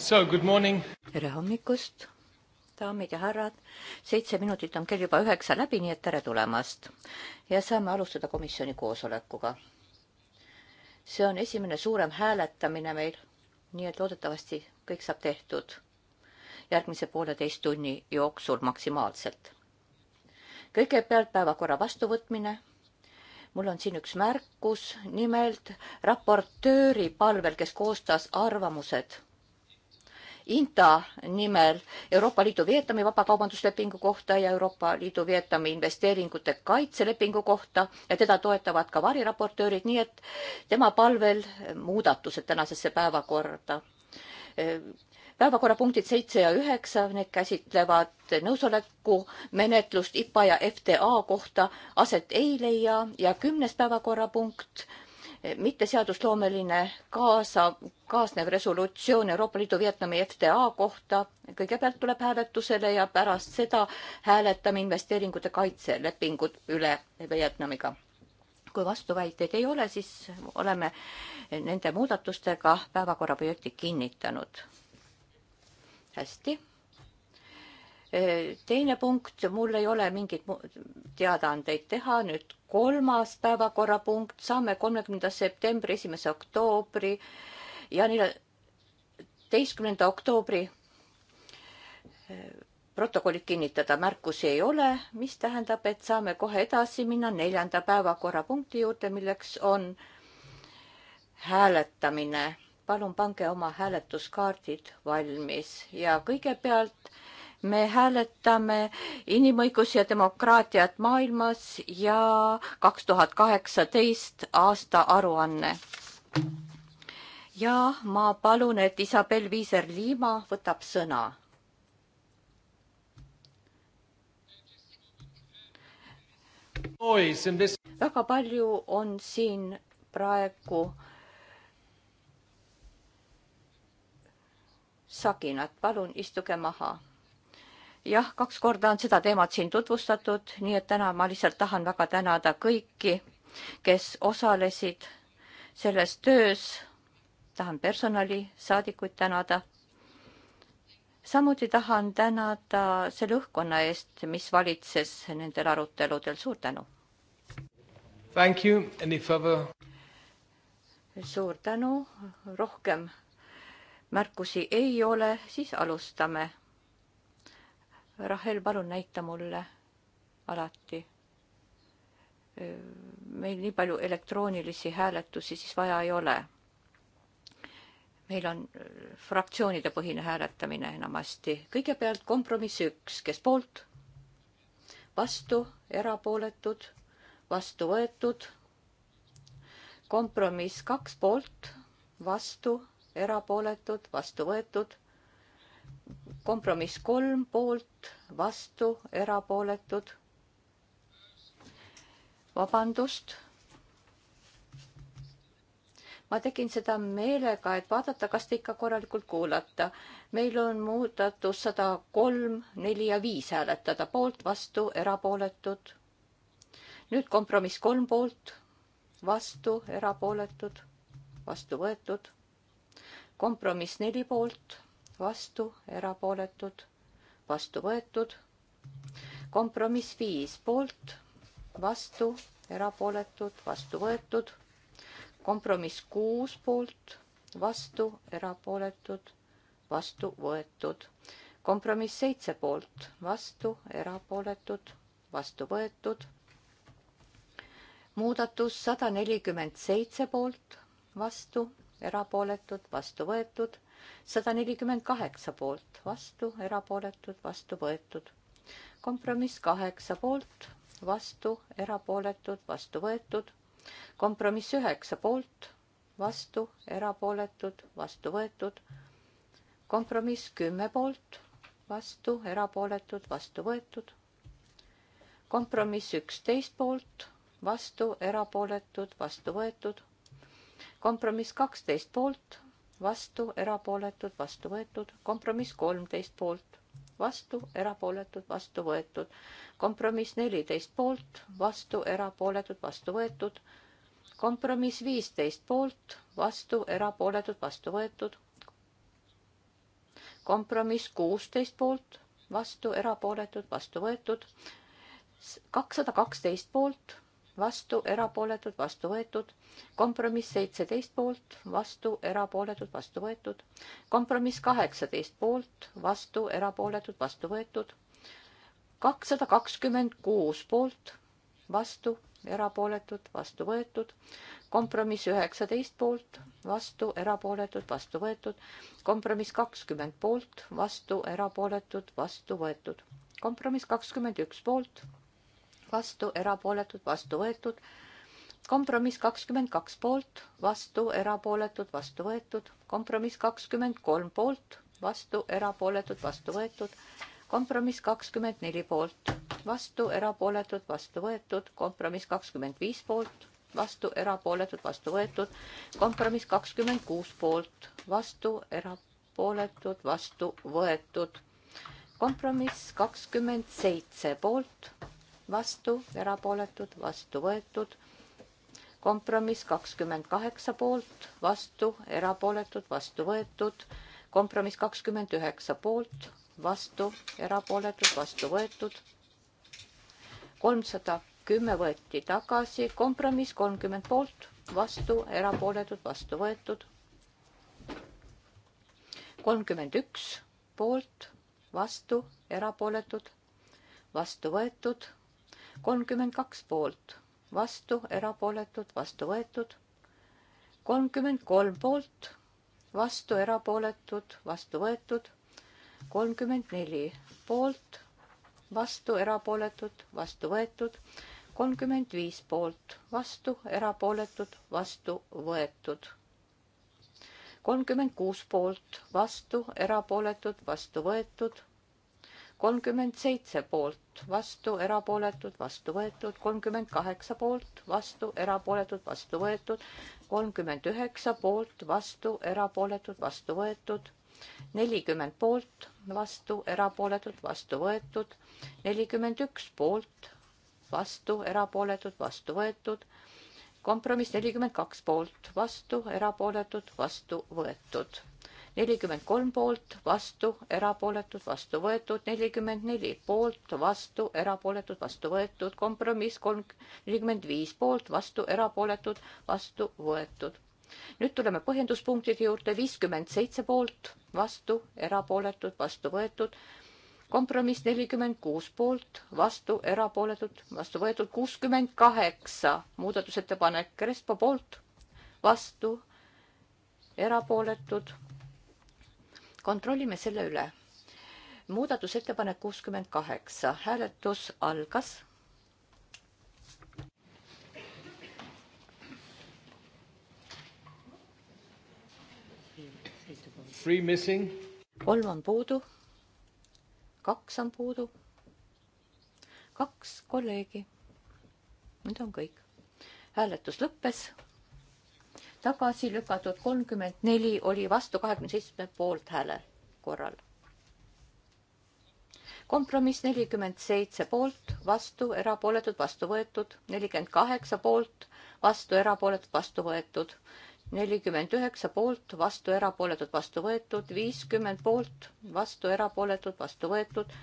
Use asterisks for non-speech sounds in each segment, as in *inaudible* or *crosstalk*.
So good morning. tere hommikust, daamid ja härrad. seitse minutit on kell juba üheksa läbi, nii et tere tulemast ja saame alustada komisjoni koosolekuga. see on esimene suurem hääletamine meil, nii et loodetavasti kõik saab tehtud järgmise pooleteist tunni jooksul maksimaalselt. kõigepealt päevakorra vastuvõtmine mul on siin üks märkus, nimelt raportööri palvel, kes koostas arvamused INTA nimel Euroopa Liidu Vietnami vabakaubanduslepingu kohta ja Euroopa Liidu Vietnami investeeringute kaitselepingu kohta ja teda toetavad ka variraportöörid, nii et tema palvel muudatused tänasesse päevakorda. päevakorrapunktid seitse ja üheksa, need käsitlevad nõusoleku menetlust IPA ja FTA kohta aset ei leia ja kümnes päevakorrapunkt mitteseadusloomeline kaasa, kaasnev resolutsioon Euroopa Liidu Vietnami FTA kohta kõigepealt tuleb hääletusele ja pärast seda hääletame investeeringute kaitselepingud üle Vietnamiga kui vastuväiteid ei ole, siis oleme nende muudatustega päevakorra projekti kinnitanud. hästi teine punkt, mul ei ole mingeid teadaandeid teha, nüüd kolmas päevakorrapunkt, saame kolmekümnenda septembri, esimese oktoobri ja neljateistkümnenda oktoobri protokollid kinnitada, märkusi ei ole, mis tähendab, et saame kohe edasi minna neljanda päevakorrapunkti juurde, milleks on hääletamine. palun pange oma hääletuskaardid valmis ja kõigepealt me hääletame inimõigusi ja demokraatiat maailmas ja kaks tuhat kaheksateist aasta aruanne. ja ma palun, et Isabel Viiser-Liima võtab sõna. väga palju on siin praegu saginat, palun istuge maha jah, kaks korda on seda teemat siin tutvustatud, nii et täna ma lihtsalt tahan väga tänada kõiki, kes osalesid selles töös. tahan personalisaadikuid tänada. samuti tahan tänada selle õhkkonna eest, mis valitses nendel aruteludel. suur tänu. Thank you, any further? suur tänu, rohkem märkusi ei ole, siis alustame Rahel, palun näita mulle alati. meil nii palju elektroonilisi hääletusi siis vaja ei ole. meil on fraktsioonide põhine hääletamine enamasti. kõigepealt kompromiss üks, kes poolt, vastu, erapooletud, vastu võetud. kompromiss kaks poolt, vastu, erapooletud, vastu võetud kompromiss kolm poolt, vastu, erapooletud. vabandust. ma tegin seda meelega, et vaadata, kas te ikka korralikult kuulata. meil on muudatus sada kolm, neli ja viis hääletada poolt, vastu, erapooletud. nüüd kompromiss kolm poolt, vastu, erapooletud, vastu võetud. kompromiss neli poolt vastu, erapooletud, vastu võetud. kompromiss viis poolt, vastu, erapooletud, vastu võetud. kompromiss kuus poolt, vastu, erapooletud, vastu võetud. kompromiss seitse poolt, vastu, erapooletud, vastu võetud muudatus sada nelikümmend seitse poolt, vastu, erapooletud, vastu võetud sada nelikümmend kaheksa poolt, vastu, erapooletud, vastu võetud. kompromiss kaheksa poolt, vastu, erapooletud, vastu võetud. kompromiss üheksa poolt, vastu, erapooletud, vastu võetud. kompromiss kümme poolt, vastu, erapooletud, vastu võetud. kompromiss üksteist poolt, vastu, erapooletud, vastu võetud. kompromiss kaksteist poolt vastu, erapooletud, vastu võetud, kompromiss kolmteist poolt, vastu, erapooletud, vastu võetud, kompromiss neliteist poolt, vastu, erapooletud, vastu võetud, kompromiss viisteist poolt, vastu, erapooletud, vastu võetud, kompromiss kuusteist poolt, vastu, erapooletud, vastu võetud, kakssada kaksteist poolt vastu, erapooletud, vastu võetud. kompromiss seitseteist poolt, vastu, erapooletud, vastu võetud. kompromiss kaheksateist poolt, vastu, erapooletud, vastu võetud. kakssada kakskümmend kuus poolt, vastu, erapooletud, vastu võetud. kompromiss üheksateist poolt, vastu, erapooletud, vastu võetud. kompromiss kakskümmend poolt, vastu, erapooletud, vastu võetud. kompromiss kakskümmend üks poolt vastu, erapooletud, vastu võetud. kompromiss kakskümmend kaks poolt, vastu, erapooletud, vastu võetud. kompromiss kakskümmend kolm poolt, vastu, erapooletud, vastu võetud. kompromiss kakskümmend neli poolt, vastu, erapooletud, vastu võetud. kompromiss kakskümmend viis poolt, vastu, erapooletud, vastu võetud. kompromiss kakskümmend kuus poolt, vastu, erapooletud, vastu võetud. kompromiss kakskümmend seitse poolt, vastu, erapooletud, vastu võetud. kompromiss kakskümmend kaheksa poolt, vastu, erapooletud, vastu võetud. kompromiss kakskümmend üheksa poolt, vastu, erapooletud, vastu võetud. kolmsada kümme võeti tagasi, kompromiss kolmkümmend poolt, vastu, erapooletud, vastu võetud. kolmkümmend üks poolt, vastu, erapooletud, vastu võetud kolmkümmend kaks poolt, vastu, erapooletud, vastu võetud. kolmkümmend kolm poolt, vastu, erapooletud, vastu võetud. kolmkümmend neli poolt, vastu, erapooletud, vastu võetud. kolmkümmend viis poolt, vastu, erapooletud, vastu võetud kolmkümmend kuus poolt, vastu, erapooletud, vastu võetud kolmkümmend seitse poolt, vastu, erapooletud, vastu võetud, kolmkümmend kaheksa poolt, vastu, erapooletud, vastu võetud, kolmkümmend üheksa poolt, vastu, erapooletud, vastu võetud, nelikümmend poolt, vastu, erapooletud, vastu võetud, nelikümmend üks poolt, vastu, erapooletud, vastu võetud, kompromiss nelikümmend kaks poolt, vastu, erapooletud, vastu võetud nelikümmend kolm poolt, vastu, erapooletud, vastu võetud, nelikümmend neli poolt, vastu, erapooletud, vastu võetud, kompromiss kolm, nelikümmend viis poolt, vastu, erapooletud, vastu võetud. nüüd tuleme põhjenduspunktide juurde, viiskümmend seitse poolt, vastu, erapooletud, vastu võetud, kompromiss nelikümmend kuus poolt, vastu, erapooletud, vastu võetud, kuuskümmend kaheksa muudatusettepanek Respo poolt, vastu, erapooletud kontrollime selle üle. muudatusettepanek kuuskümmend kaheksa, hääletus algas. kolm on puudu. kaks on puudu. kaks kolleegi. Need on kõik. hääletus lõppes tagasi lükatud, kolmkümmend neli oli vastu kahekümne seitsme poolthääle korral. kompromiss nelikümmend seitse poolt, vastu, erapooletud, vastu võetud, nelikümmend kaheksa poolt, vastu, erapooletud, vastu võetud, nelikümmend üheksa poolt, vastu, erapooletud, vastu võetud, viiskümmend poolt, vastu, erapooletud, vastu võetud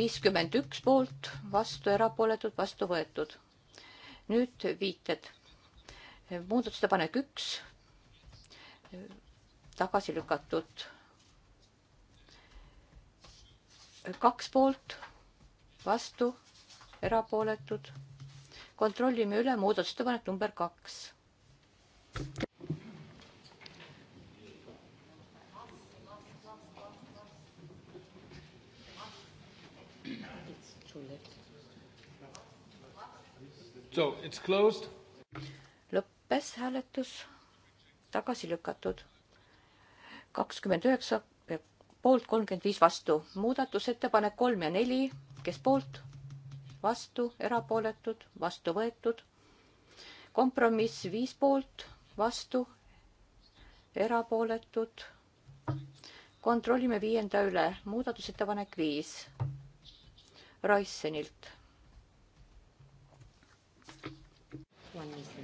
viiskümmend üks poolt, vastu erapooletud, vastu võetud. nüüd viited muudatusettepanek üks, tagasi lükatud. kaks poolt, vastu, erapooletud. kontrollime üle muudatusettepanek number kaks. So it's closed lõppes hääletus, tagasi lükatud. kakskümmend üheksa poolt, kolmkümmend viis vastu. muudatusettepanek kolm ja neli, kes poolt, vastu, erapooletud, vastu võetud. kompromiss viis poolt, vastu, erapooletud. kontrollime viienda üle, muudatusettepanek viis Raissenilt. One missing.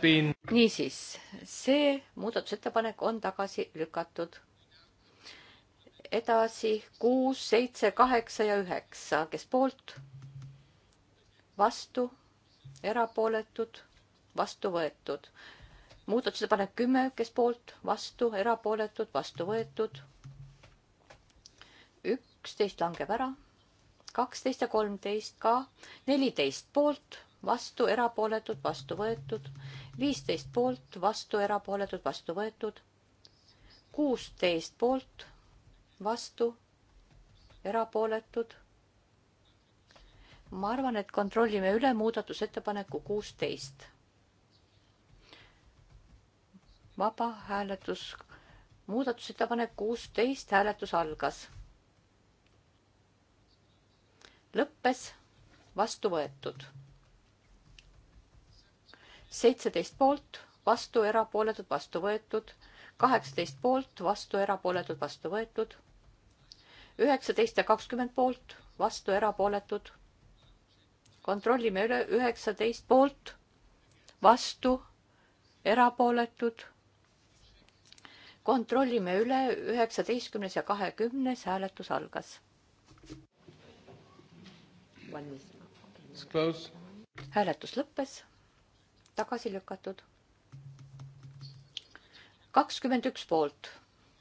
Been... niisiis, see muudatusettepanek on tagasi lükatud. edasi kuus, seitse, kaheksa ja üheksa, kes poolt, vastu, erapooletud, vastu võetud. muudatusettepanek kümme, kes poolt, vastu, erapooletud, vastu võetud. üksteist langeb ära kaksteist ja kolmteist ka, neliteist poolt, vastu, erapooletud, vastu võetud, viisteist poolt, vastu, erapooletud, vastu võetud, kuusteist poolt, vastu, erapooletud. ma arvan, et kontrollime üle muudatusettepaneku kuusteist. vaba hääletus, muudatusettepanek kuusteist, hääletus algas. lõppes, vastu võetud seitseteist poolt, vastu, erapooletud, vastu võetud, kaheksateist poolt, vastu, erapooletud, vastu võetud, üheksateist ja kakskümmend poolt, vastu, erapooletud. kontrollime üle, üheksateist poolt, vastu, erapooletud. kontrollime üle, üheksateistkümnes ja kahekümnes hääletus algas. hääletus lõppes tagasi lükatud. kakskümmend üks poolt,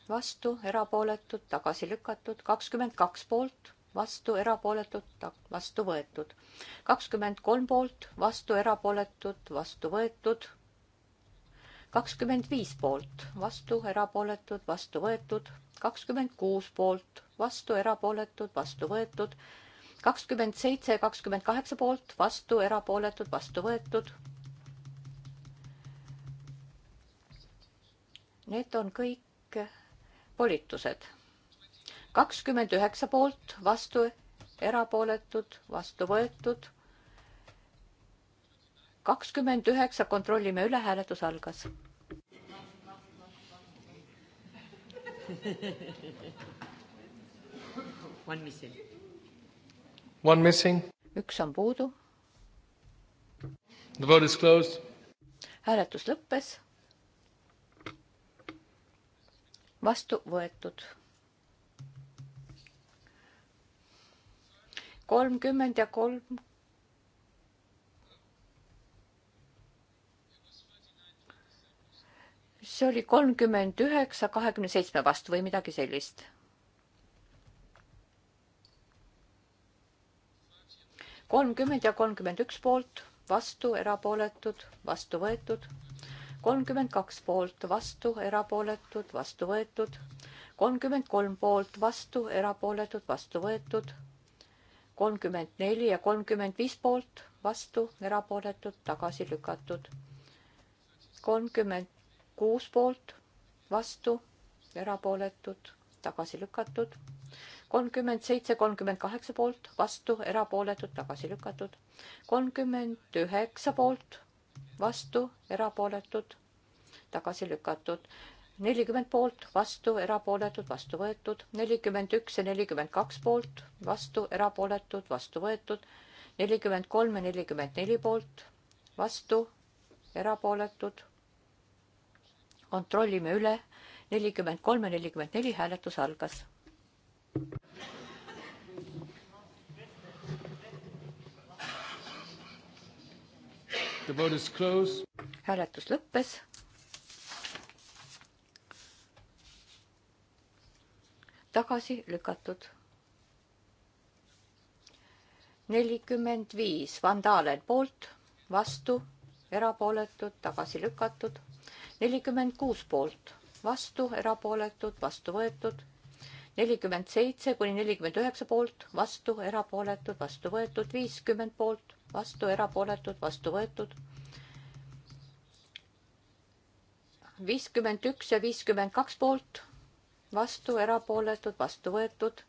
vastu, erapooletud, tagasi lükatud, kakskümmend kaks poolt, vastu, erapooletud, vastu võetud. kakskümmend kolm poolt, vastu, erapooletud, vastu võetud. kakskümmend viis poolt, vastu, erapooletud, vastu võetud. kakskümmend kuus poolt, vastu, erapooletud, vastu võetud kakskümmend seitse, kakskümmend kaheksa poolt, vastu, erapooletud, vastu võetud. Need on kõik volitused. kakskümmend üheksa poolt, vastu erapooletud, vastu võetud. kakskümmend üheksa, kontrollime üle, hääletus algas. One missing. One missing. üks on puudu. The vote is closed. hääletus lõppes. vastu võetud. kolmkümmend ja kolm. see oli kolmkümmend üheksa, kahekümne seitsme vastu või midagi sellist. kolmkümmend ja kolmkümmend üks poolt, vastu, erapooletud, vastu võetud kolmkümmend kaks poolt, vastu, erapooletud, vastu võetud. kolmkümmend kolm poolt, vastu, erapooletud, vastu võetud. kolmkümmend neli ja kolmkümmend viis poolt, vastu, erapooletud, tagasi lükatud. kolmkümmend kuus poolt, vastu, erapooletud, tagasi lükatud. kolmkümmend seitse, kolmkümmend kaheksa poolt, vastu, erapooletud, tagasi lükatud. kolmkümmend üheksa poolt vastu, erapooletud, tagasi lükatud. nelikümmend poolt, vastu, erapooletud, vastu võetud. nelikümmend üks ja nelikümmend kaks poolt, vastu, erapooletud, vastu võetud. nelikümmend kolm ja nelikümmend neli poolt, vastu, erapooletud. kontrollime üle. nelikümmend kolm ja nelikümmend neli hääletus algas. hääletus lõppes. tagasi lükatud. nelikümmend viis Vandaalen poolt, vastu, erapooletud, tagasi lükatud. nelikümmend kuus poolt, vastu, erapooletud, vastu võetud. nelikümmend seitse kuni nelikümmend üheksa poolt, vastu, erapooletud, vastu võetud, viiskümmend poolt vastu, erapooletud, vastu võetud. viiskümmend üks ja viiskümmend kaks poolt, vastu, erapooletud, vastu võetud.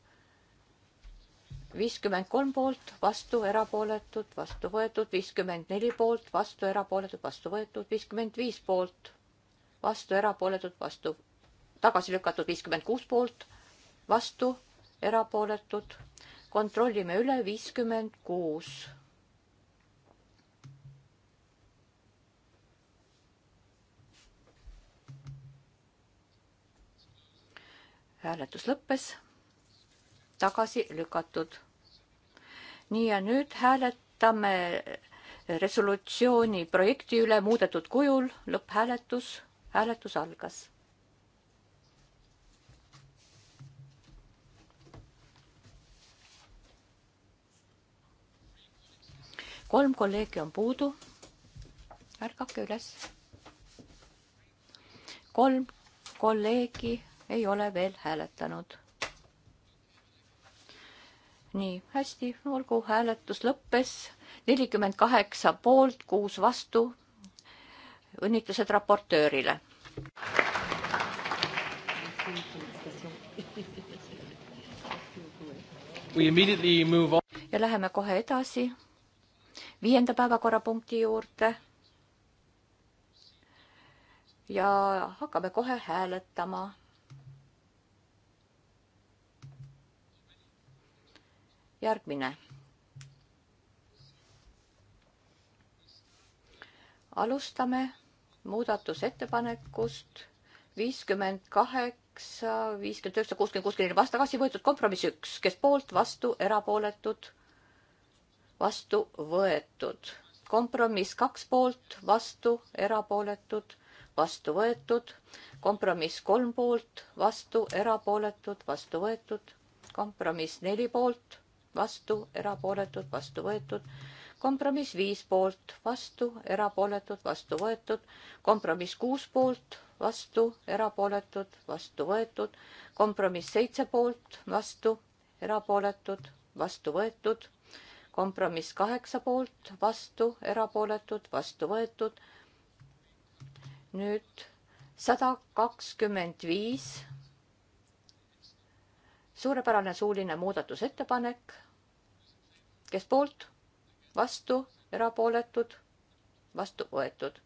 viiskümmend kolm poolt, vastu, erapooletud, vastu võetud, viiskümmend neli poolt, vastu, erapooletud, vastu võetud, viiskümmend viis poolt, vastu, erapooletud, vastu, tagasi lükatud, viiskümmend kuus poolt, vastu, erapooletud kontrollime üle viiskümmend kuus. hääletus lõppes, tagasi lükatud. nii ja nüüd hääletame resolutsiooni projekti üle muudetud kujul, lõpphääletus, hääletus algas kolm kolleegi on puudu. ärgake üles. kolm kolleegi ei ole veel hääletanud. nii, hästi, olgu, hääletus lõppes, nelikümmend kaheksa poolt, kuus vastu. õnnitlused raportöörile. ja läheme kohe edasi viienda päevakorrapunkti juurde. ja hakkame kohe hääletama järgmine. alustame muudatusettepanekust viiskümmend kaheksa, viiskümmend üheksa, kuuskümmend, kuuskümmend neli, vastu tagasi võetud kompromiss üks, kes poolt, vastu, erapooletud, vastu võetud. kompromiss kaks poolt, vastu, erapooletud, vastu võetud. kompromiss kolm poolt, vastu, erapooletud, vastu võetud. kompromiss neli poolt, vastu, erapooletud, vastu võetud. kompromiss viis poolt, vastu, erapooletud, vastu võetud. kompromiss kuus poolt, vastu, erapooletud, vastu võetud. kompromiss seitse poolt, vastu, erapooletud, vastu võetud. kompromiss kaheksa poolt, vastu, erapooletud, vastu võetud. nüüd sada kakskümmend viis suurepärane suuline muudatusettepanek kes poolt, vastu, erapooletud, vastu võetud.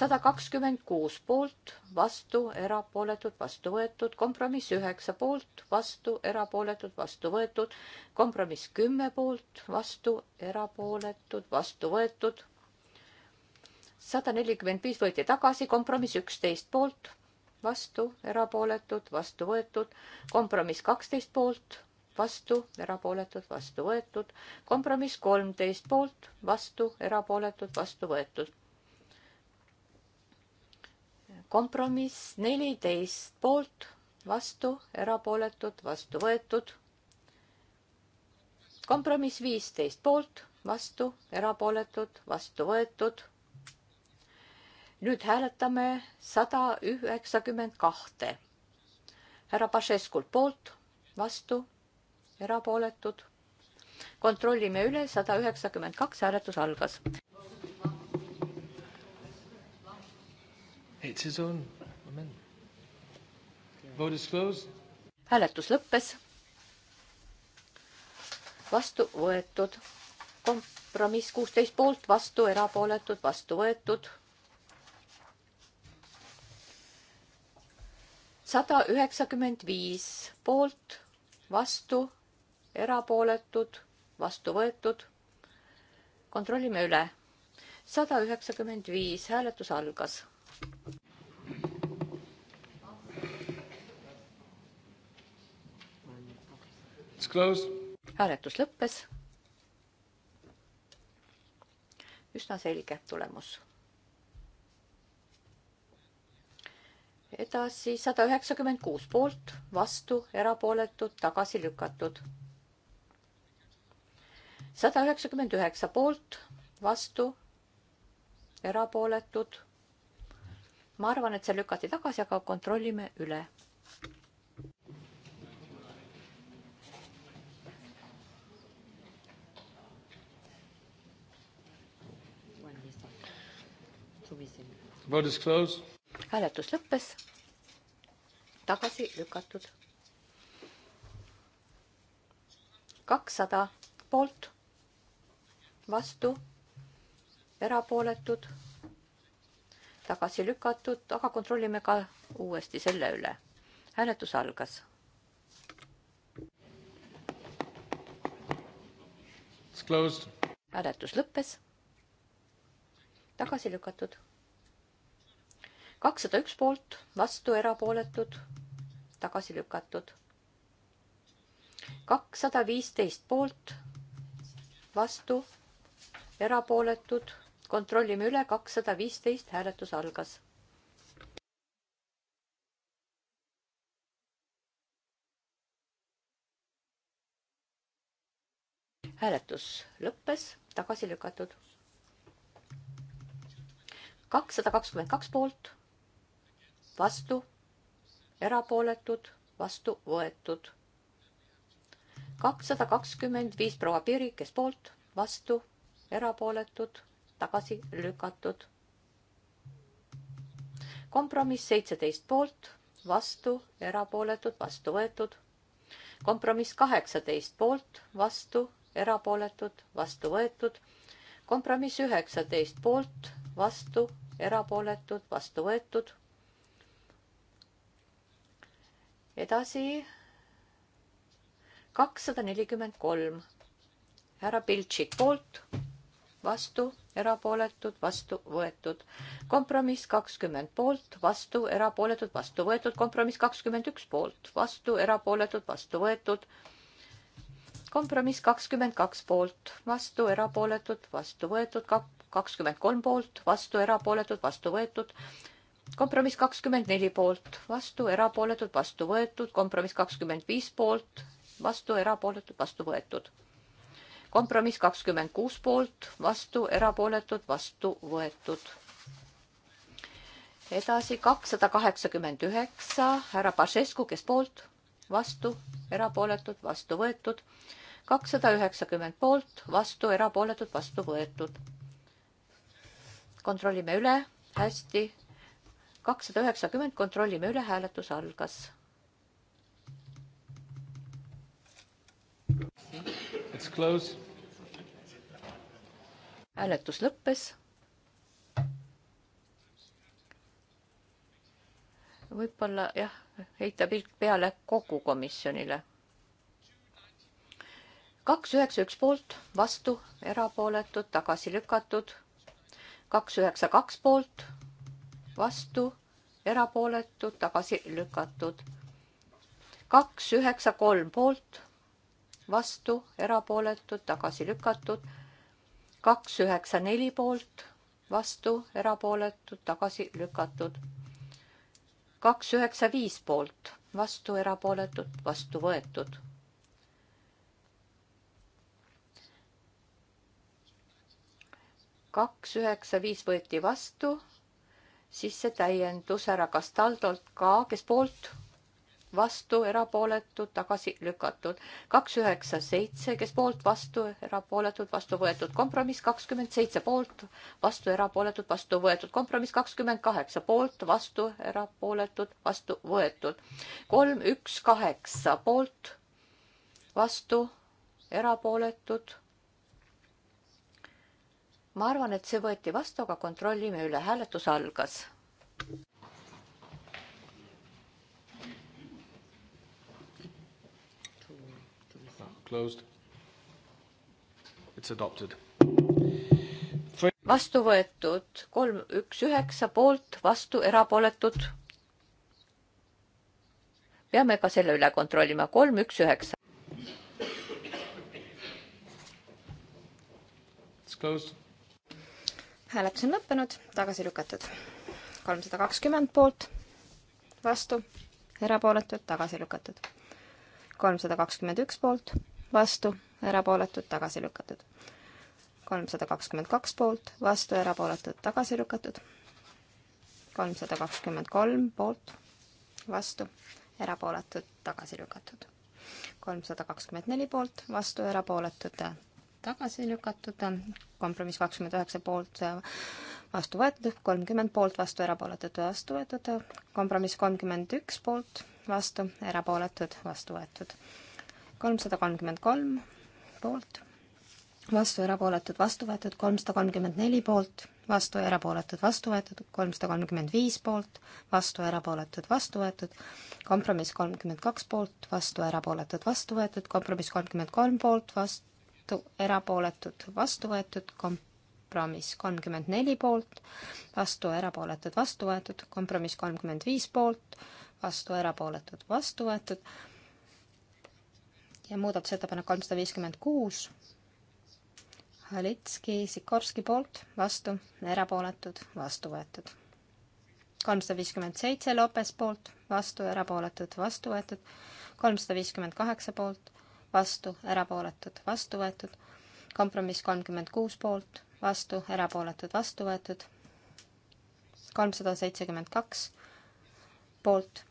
sada kakskümmend kuus poolt, vastu, erapooletud, vastu võetud, kompromiss üheksa poolt, vastu, erapooletud, vastu võetud, kompromiss kümme poolt, vastu, erapooletud, vastu võetud. sada nelikümmend viis võeti tagasi, kompromiss üksteist poolt, vastu, erapooletud, vastu võetud, kompromiss kaksteist poolt vastu, erapooletud, vastu võetud. kompromiss kolmteist poolt, vastu, erapooletud, vastu võetud. kompromiss neliteist poolt, vastu, erapooletud, vastu võetud. kompromiss viisteist poolt, vastu, erapooletud, vastu võetud. nüüd hääletame sada üheksakümmend kahte. härra Pašeskult poolt, vastu erapooletud. kontrollime üle, sada üheksakümmend kaks hääletus algas. hääletus lõppes. vastu võetud kompromiss kuusteist poolt, vastu erapooletud, vastu võetud. sada üheksakümmend viis poolt, vastu erapooletud, vastu võetud. kontrollime üle. sada üheksakümmend viis, hääletus algas. hääletus lõppes. üsna selge tulemus. edasi sada üheksakümmend kuus poolt, vastu, erapooletud, tagasi lükatud sada üheksakümmend üheksa poolt, vastu, erapooletud. ma arvan, et see lükati tagasi, aga kontrollime üle. hääletus lõppes. tagasi lükatud. kakssada poolt vastu, erapooletud, tagasi lükatud, aga kontrollime ka uuesti selle üle. hääletus algas. hääletus lõppes. tagasi lükatud. kakssada üks poolt, vastu, erapooletud, tagasi lükatud kakssada viisteist poolt, vastu, erapooletud, kontrollime üle, kakssada viisteist hääletus algas. hääletus lõppes, tagasi lükatud. kakssada kakskümmend kaks poolt, vastu, erapooletud, vastu võetud. kakssada kakskümmend viis proua Piri, kes poolt, vastu erapooletud, tagasi lükatud. kompromiss seitseteist poolt, vastu, erapooletud, vastu võetud. kompromiss kaheksateist poolt, vastu, erapooletud, vastu võetud. kompromiss üheksateist poolt, vastu, erapooletud, vastu võetud. edasi kakssada nelikümmend kolm. härra Piltšik poolt vastu, erapooletud, vastu võetud. kompromiss kakskümmend poolt, vastu, erapooletud, vastu võetud. kompromiss kakskümmend üks poolt, vastu, erapooletud, vastu võetud. kompromiss kakskümmend kaks poolt, vastu, erapooletud, vastu võetud. kakskümmend kolm poolt, vastu, erapooletud, vastu võetud kompromiss kakskümmend neli poolt, vastu erapooletud, vastu võetud, kompromiss kakskümmend viis poolt, vastu erapooletud, vastu võetud kompromiss kakskümmend kuus poolt, vastu erapooletud, vastu võetud. edasi kakssada kaheksakümmend üheksa, härra Pašescu, kes poolt, vastu, erapooletud, vastu võetud. kakssada üheksakümmend poolt, vastu, erapooletud, vastu võetud. kontrollime üle, hästi. kakssada üheksakümmend, kontrollime üle, hääletus algas hääletus lõppes. võib-olla jah, heita pilk peale kogu komisjonile. kaks üheksa üks poolt, vastu, erapooletud, tagasi lükatud. kaks üheksa kaks poolt, vastu, erapooletud, tagasi lükatud. kaks üheksa kolm poolt vastu, erapooletud, tagasi lükatud. kaks üheksa neli poolt, vastu, erapooletud, tagasi lükatud. kaks üheksa viis poolt, vastu, erapooletud, vastu võetud. kaks üheksa viis võeti vastu, siis see täiendus härra Castaldolt ka, kes poolt vastu, erapooletud, tagasi lükatud. kaks üheksa seitse, kes poolt, vastu, erapooletud, vastu võetud. kompromiss kakskümmend seitse poolt, vastu, erapooletud, vastu võetud. kompromiss kakskümmend kaheksa poolt, vastu, erapooletud, vastu võetud. kolm, üks, kaheksa poolt, vastu, erapooletud. ma arvan, et see võeti vastu, aga kontrollime üle. hääletus algas. Closed. It's adopted. vastu võetud kolm, üks, üheksa poolt, vastu erapooletud. peame ka selle üle kontrollima, kolm, üks, üheksa. It's closed. hääletus on lõppenud, tagasi lükatud. kolmsada kakskümmend poolt, vastu, erapooletud, tagasi lükatud. kolmsada kakskümmend üks poolt vastu, erapooletud, tagasi lükatud. kolmsada kakskümmend kaks poolt, vastu, erapooletud, tagasi lükatud. kolmsada kakskümmend kolm poolt, vastu, erapooletud, tagasi lükatud. kolmsada kakskümmend neli poolt, vastu, erapooletud, tagasi lükatud. kompromiss kakskümmend üheksa poolt, vastu võetud, kolmkümmend poolt, vastu, erapooletud, vastu võetud. kompromiss kolmkümmend üks poolt, vastu, erapooletud, vastu võetud kolmsada kolmkümmend kolm poolt, vastu erapooletud, vastu võetud kolmsada kolmkümmend neli poolt, vastu erapooletud, vastu võetud kolmsada kolmkümmend viis poolt, vastu erapooletud, vastu võetud, kompromiss kolmkümmend kaks poolt, vastu erapooletud, vastu võetud, kompromiss kolmkümmend kolm poolt, vastu erapooletud, vastu võetud, komp-, kompromiss kolmkümmend neli poolt, vastu erapooletud, vastu võetud, kompromiss kolmkümmend viis poolt, vastu erapooletud, vastu võetud, ja muudatusettepanek kolmsada viiskümmend kuus. Halitski, Sikorski poolt, vastu, erapooletud, vastu võetud. kolmsada viiskümmend seitse Lopes poolt, vastu, erapooletud, vastu võetud. kolmsada viiskümmend kaheksa poolt, vastu, erapooletud, vastu võetud. kompromiss kolmkümmend kuus poolt, vastu, erapooletud, vastu võetud. kolmsada seitsekümmend kaks poolt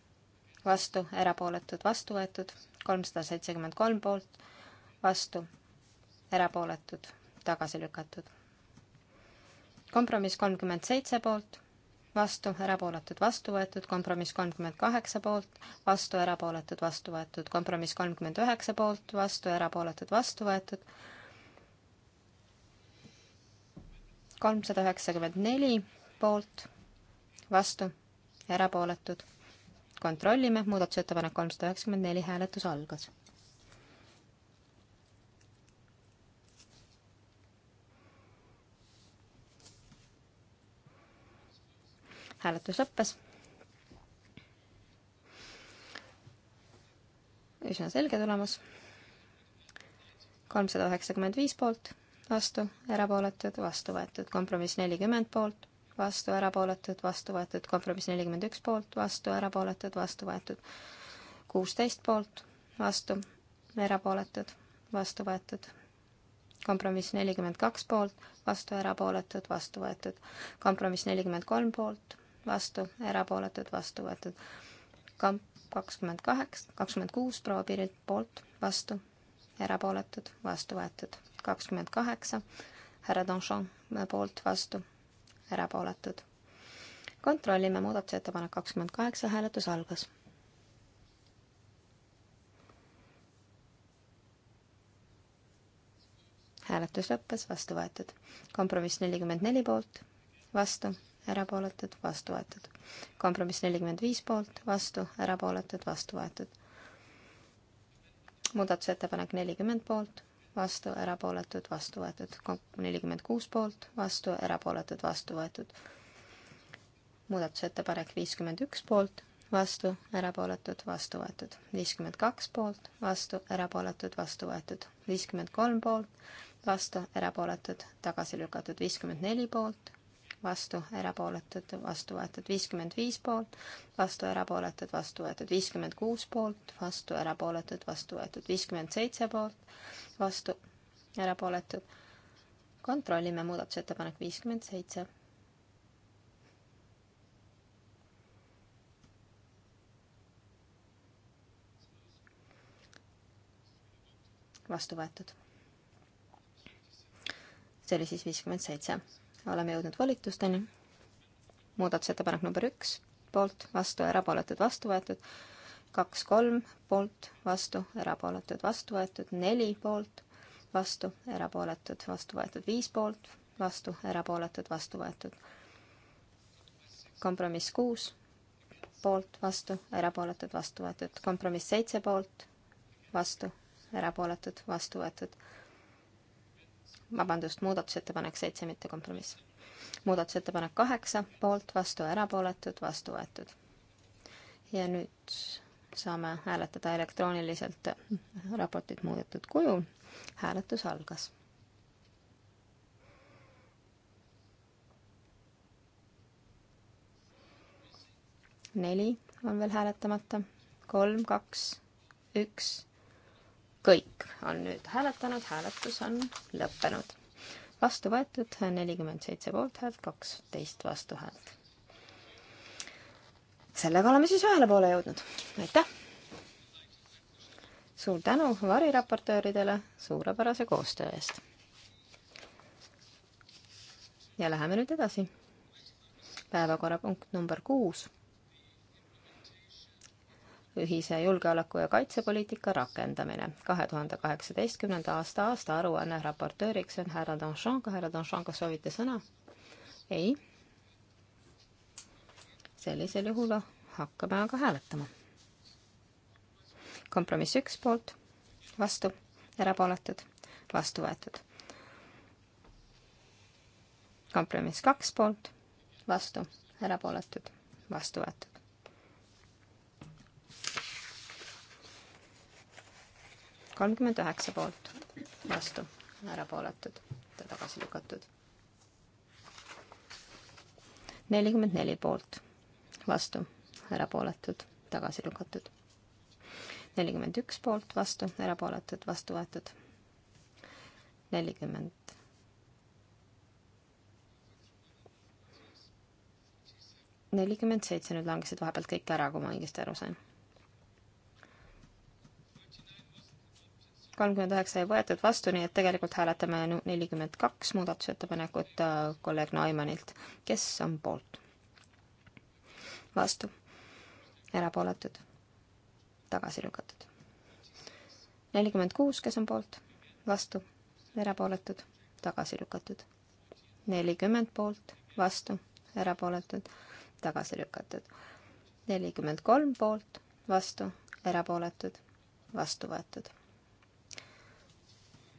vastu, erapooletud, vastu võetud, kolmsada seitsekümmend kolm poolt, vastu, erapooletud, tagasi lükatud. kompromiss kolmkümmend seitse poolt, vastu, erapooletud, vastu võetud, kompromiss kolmkümmend kaheksa poolt, vastu, erapooletud, vastu võetud, kompromiss kolmkümmend üheksa poolt, vastu, erapooletud, vastu võetud, kolmsada üheksakümmend neli poolt, vastu, erapooletud kontrollime, muudatusettepanek kolmsada üheksakümmend neli, hääletus algas. hääletus lõppes. üsna selge tulemus. kolmsada üheksakümmend viis poolt, vastu, erapooletud, vastu võetud, kompromiss nelikümmend poolt vastu, erapooletud, vastu võetud, kompromiss nelikümmend üks poolt, vastu, erapooletud, vastu võetud, kuusteist poolt, vastu, erapooletud, vastu võetud, kompromiss nelikümmend kaks poolt, vastu, erapooletud, vastu võetud, kompromiss nelikümmend kolm poolt, vastu, erapooletud, vastu võetud, kamp kakskümmend kaheksa, kakskümmend kuus proua Pirilt poolt, vastu, erapooletud, vastu võetud, kakskümmend kaheksa härra Donchon poolt, vastu, erapooletud. kontrollime, muudatusettepanek kakskümmend kaheksa, hääletus algas. hääletus lõppes, vastu võetud. kompromiss nelikümmend neli poolt, vastu, erapooletud, vastu võetud. kompromiss nelikümmend viis poolt, vastu, erapooletud, vastu võetud. muudatusettepanek nelikümmend poolt vastu, erapooletud, vastu võetud. nelikümmend kuus poolt, vastu, erapooletud, vastu võetud. muudatusettepanek viiskümmend üks poolt, vastu, erapooletud, vastu võetud. viiskümmend kaks poolt, vastu, erapooletud, vastu võetud. viiskümmend kolm poolt, vastu, erapooletud, tagasi lükatud. viiskümmend neli poolt, vastu, erapooletud, vastu võetud viiskümmend viis poolt, vastu erapooletud, vastu võetud viiskümmend kuus poolt, vastu erapooletud, vastu võetud viiskümmend seitse poolt, vastu erapooletud. kontrollime muudatusettepanek viiskümmend seitse. vastu võetud. see oli siis viiskümmend seitse oleme jõudnud volitusteni. muudatusettepanek number üks, poolt, vastu, erapooletud, vastu võetud. kaks, kolm, poolt, vastu, erapooletud, vastu võetud. neli poolt, vastu, erapooletud, vastu võetud. viis poolt, vastu, erapooletud, vastu võetud. kompromiss kuus, poolt, vastu, erapooletud, vastu võetud. kompromiss seitse poolt, vastu, erapooletud, vastu võetud vabandust, muudatusettepanek seitse, mitte kompromiss. muudatusettepanek kaheksa, poolt, vastu, erapooletud, vastu võetud. ja nüüd saame hääletada elektrooniliselt raportit muudetud kujul. hääletus algas. neli on veel hääletamata, kolm, kaks, üks kõik on nüüd hääletanud, hääletus on lõppenud. vastu võetud nelikümmend seitse poolthäält, kaksteist vastuhäält. sellega oleme siis ühele poole jõudnud, aitäh! suur tänu variraportööridele suurepärase koostöö eest! ja läheme nüüd edasi. päevakorrapunkt number kuus ühise julgeoleku- ja kaitsepoliitika rakendamine. kahe tuhande kaheksateistkümnenda aasta aastaaruanne raportööriks on härra Donchon, härra Donchon, kas soovite sõna? ei? sellisel juhul hakkame aga hääletama. kompromiss üks poolt, vastu, erapooletud, vastu võetud. kompromiss kaks poolt, vastu, erapooletud, vastu võetud kolmkümmend üheksa poolt, vastu, erapooletud, ta tagasi lükatud. nelikümmend neli poolt, vastu, erapooletud, tagasi lükatud. nelikümmend üks poolt, vastu, erapooletud, vastu võetud. nelikümmend nelikümmend seitse nüüd langesid vahepealt kõik ära, kui ma õigesti aru sain kolmkümmend üheksa ei võetud vastu, nii et tegelikult hääletame nelikümmend kaks muudatusettepanekut äh, kolleeg Naimanilt. kes on poolt? vastu. erapooletud. tagasi lükatud. nelikümmend kuus, kes on poolt? vastu. erapooletud. tagasi lükatud. nelikümmend poolt, vastu, erapooletud, tagasi lükatud. nelikümmend kolm poolt, vastu, erapooletud, vastu võetud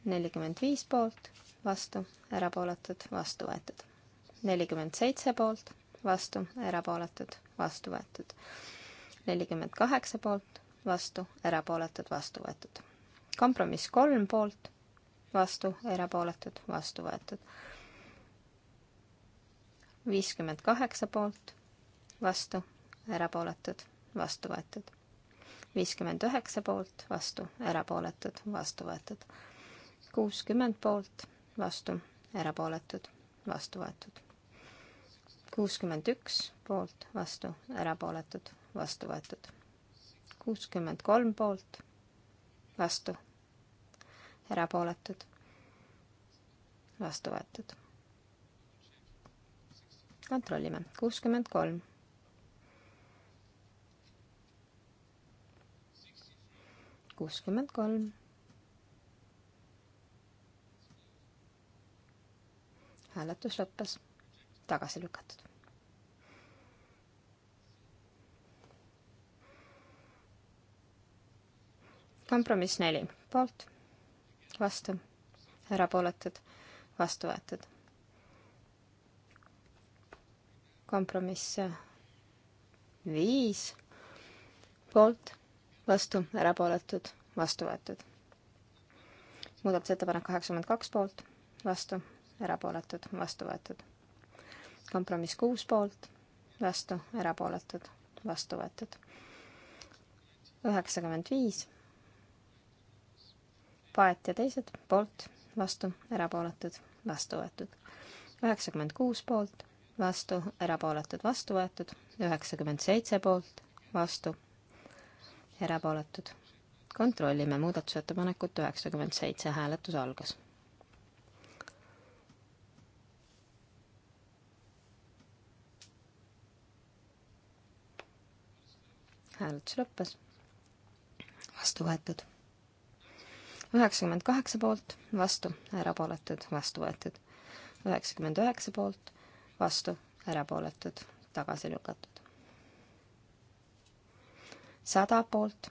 nelikümmend viis poolt, vastu, erapooletud, vastu võetud. nelikümmend seitse poolt, vastu, erapooletud, vastu võetud. nelikümmend kaheksa poolt, vastu, erapooletud, vastu võetud. kompromiss kolm poolt, vastu, erapooletud, vastu võetud. viiskümmend kaheksa poolt, vastu, erapooletud, vastu võetud. viiskümmend üheksa poolt, vastu, erapooletud, vastu võetud kuuskümmend poolt, vastu, erapooletud, vastu võetud. kuuskümmend üks poolt, vastu, erapooletud, vastu võetud. kuuskümmend kolm poolt, vastu, erapooletud, vastu võetud. kontrollime, kuuskümmend kolm kuuskümmend kolm. hääletus lõppes, tagasi lükatud. kompromiss neli, poolt, vastu, erapooletud, vastu võetud. kompromiss viis, poolt, vastu, erapooletud, vastu võetud muudatusettepanek kaheksakümmend kaks poolt, vastu, erapooletud, vastu võetud. kompromiss kuus poolt, vastu, erapooletud, vastu võetud. üheksakümmend viis. Paet ja teised poolt, vastu, erapooletud, vastu võetud. üheksakümmend kuus poolt, vastu, erapooletud, vastu võetud. üheksakümmend seitse poolt, vastu, erapooletud kontrollime muudatusettepanekut üheksakümmend seitse, hääletus algas. hääletus lõppes. vastu võetud. üheksakümmend kaheksa poolt, vastu, erapooletud, vastu võetud. üheksakümmend üheksa poolt, vastu, erapooletud, tagasi lükatud. sada poolt,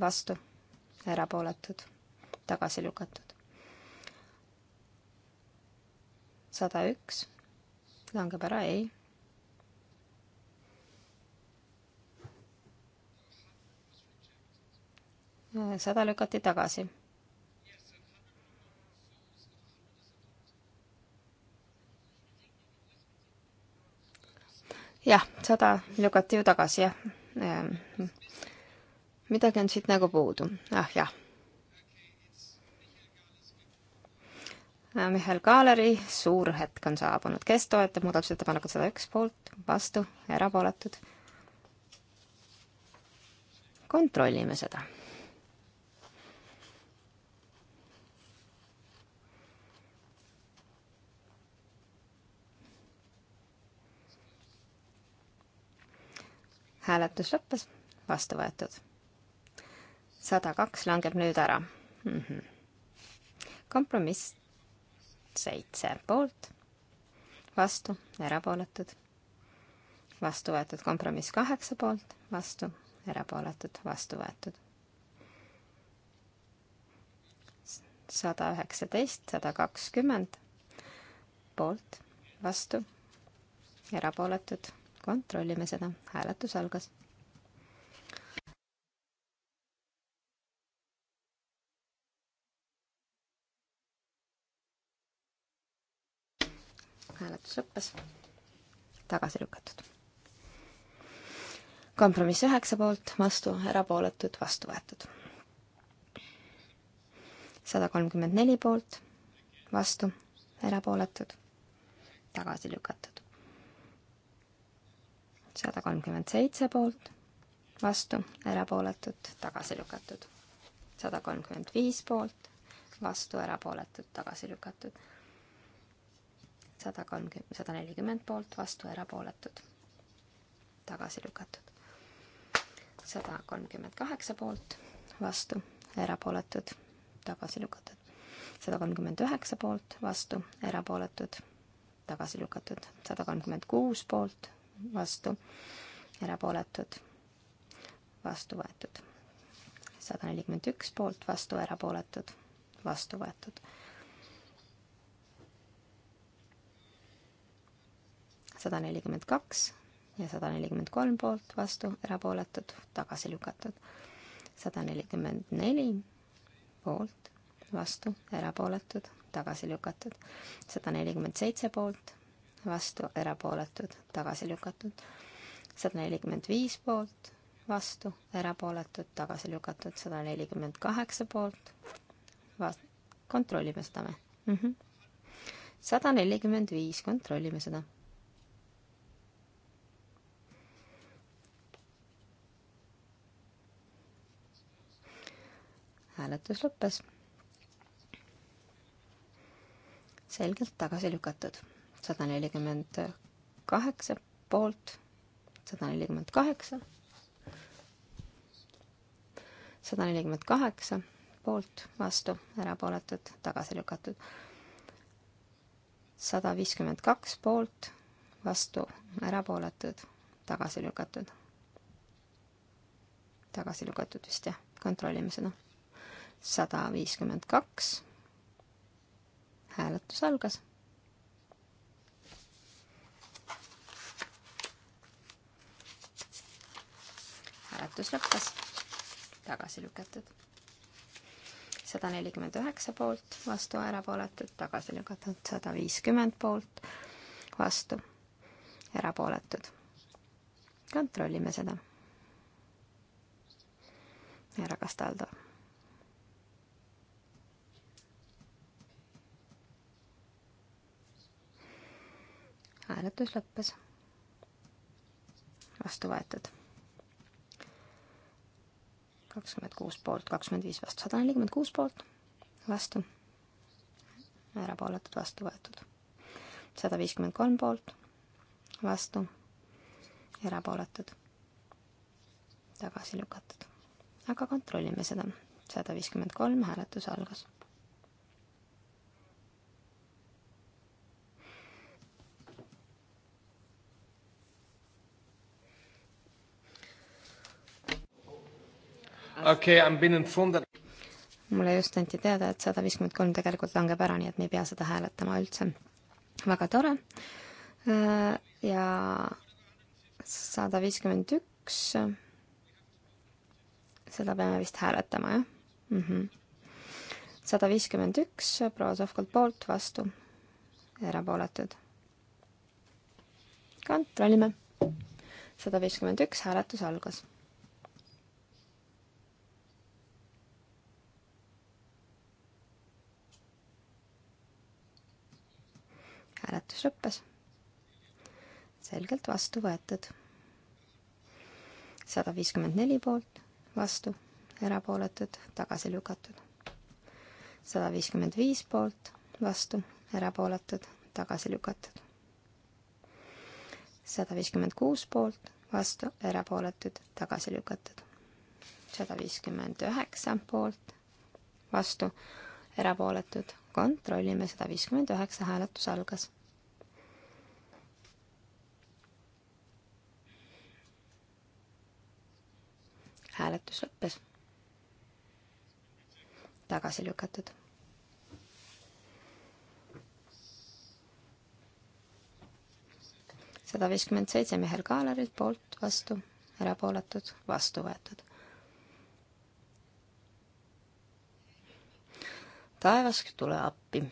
vastu, erapooletud, tagasi lükatud. sada üks langeb ära, ei seda lükati tagasi. jah, sada lükati ju tagasi, jah. Ähm, midagi on siit nagu puudu, ah jah. Äh, Mihhail Kaaleri suur hetk on saabunud, kes toetab muudatusettepanekut sada üks poolt, vastu, erapooletud. kontrollime seda hääletus lõppes, vastu võetud. sada kaks langeb nüüd ära mm. -hmm. kompromiss seitse poolt, vastu, erapooletud, vastu võetud kompromiss kaheksa poolt, vastu, erapooletud, vastu võetud sada üheksateist, sada kakskümmend poolt, vastu, erapooletud, kontrollime seda, hääletus algas. hääletus lõppes, tagasi lükatud. kompromiss üheksa poolt, vastu, erapooletud, vastu võetud. sada kolmkümmend neli poolt, vastu, erapooletud, tagasi lükatud sada kolmkümmend seitse poolt, vastu, erapooletud, tagasi lükatud. sada kolmkümmend viis poolt, vastu, erapooletud, tagasi lükatud. sada kolmkümmend, sada nelikümmend poolt, vastu, erapooletud, tagasi lükatud. sada kolmkümmend kaheksa poolt, vastu, erapooletud, tagasi lükatud. sada kolmkümmend üheksa poolt, vastu, erapooletud, tagasi lükatud. sada kolmkümmend kuus poolt, vastu, erapooletud, vastu võetud. sada nelikümmend üks poolt, vastu, erapooletud, vastu võetud. sada nelikümmend kaks ja sada nelikümmend kolm poolt, vastu, erapooletud, tagasi lükatud. sada nelikümmend neli poolt, vastu, erapooletud, tagasi lükatud. sada nelikümmend seitse poolt, vastu, erapooletud, tagasi lükatud. sada nelikümmend viis poolt, vastu, erapooletud, tagasi lükatud, sada nelikümmend kaheksa poolt, vast-, kontrollime seda või? Mhm. sada nelikümmend viis, kontrollime seda hääletus lõppes. selgelt tagasi lükatud sada nelikümmend kaheksa poolt, sada nelikümmend kaheksa, sada nelikümmend kaheksa poolt, vastu, erapooletud, tagasi lükatud. sada viiskümmend kaks poolt, vastu, erapooletud, tagasi lükatud. tagasi lükatud vist jah, kontrollime seda. sada viiskümmend kaks. hääletus algas hääletus lõppes, tagasi lükatud. sada nelikümmend üheksa poolt, vastu erapooletud, tagasi lükatud, sada viiskümmend poolt, vastu erapooletud. kontrollime seda. härra Kastaldo. hääletus lõppes vastu võetud kakskümmend kuus poolt, kakskümmend viis vastu, sada nelikümmend kuus poolt, vastu, erapooletud, vastu võetud. sada viiskümmend kolm poolt, vastu, erapooletud, tagasi lükatud. aga kontrollime seda. sada viiskümmend kolm, hääletus algas mulle just anti teada, et sada viiskümmend kolm tegelikult langeb ära, nii et me ei pea seda hääletama üldse. väga tore. Äh, ja sada viiskümmend üks. seda peame vist hääletama, jah? Mhm. sada viiskümmend üks, proua Sovkolt poolt, vastu, erapooletud. kontrollime. sada viiskümmend üks, hääletus algas hääletus lõppes. selgelt vastu võetud. sada viiskümmend neli poolt, vastu, erapooletud, tagasi lükatud. sada viiskümmend viis poolt, vastu, erapooletud, tagasi lükatud. sada viiskümmend kuus poolt, vastu, erapooletud, tagasi lükatud. sada viiskümmend üheksa poolt, vastu, erapooletud, kontrollime sada viiskümmend üheksa, hääletus algas. hääletus lõppes. tagasi lükatud. sada viiskümmend seitse Mihhail Kaalerilt poolt, vastu, erapooletud, vastu võetud taevas, tule appi.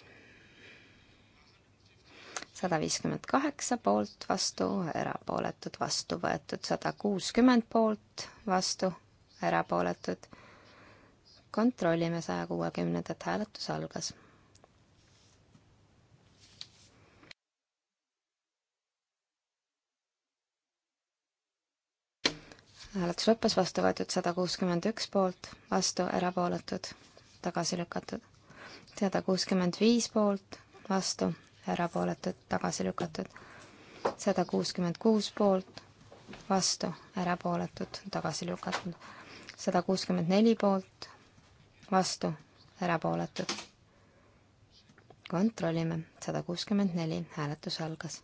sada viiskümmend kaheksa poolt, vastu, erapooletud, vastu võetud, sada kuuskümmend poolt, vastu, erapooletud. kontrollime saja kuuekümnendat, hääletus algas. hääletus lõppes, vastu võetud sada kuuskümmend üks poolt, vastu erapooletud, tagasi lükatud sada kuuskümmend viis poolt, vastu, erapooletud, tagasi lükatud. sada kuuskümmend kuus poolt, vastu, erapooletud, tagasi lükatud. sada kuuskümmend neli poolt, vastu, erapooletud. kontrollime, sada kuuskümmend neli, hääletus algas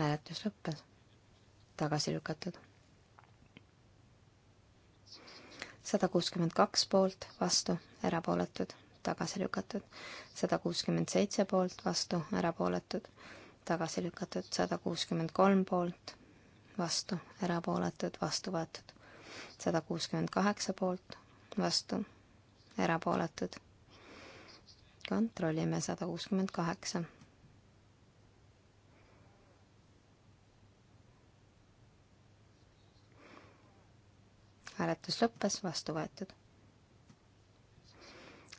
hääletus lõppes. tagasi lükatud. sada kuuskümmend kaks poolt, vastu, erapooletud, tagasi lükatud. sada kuuskümmend seitse poolt, vastu, erapooletud, tagasi lükatud. sada kuuskümmend kolm poolt, vastu, erapooletud, vastu võetud. sada kuuskümmend kaheksa poolt, vastu, erapooletud kontrollime sada kuuskümmend kaheksa, hääletus lõppes, vastu võetud.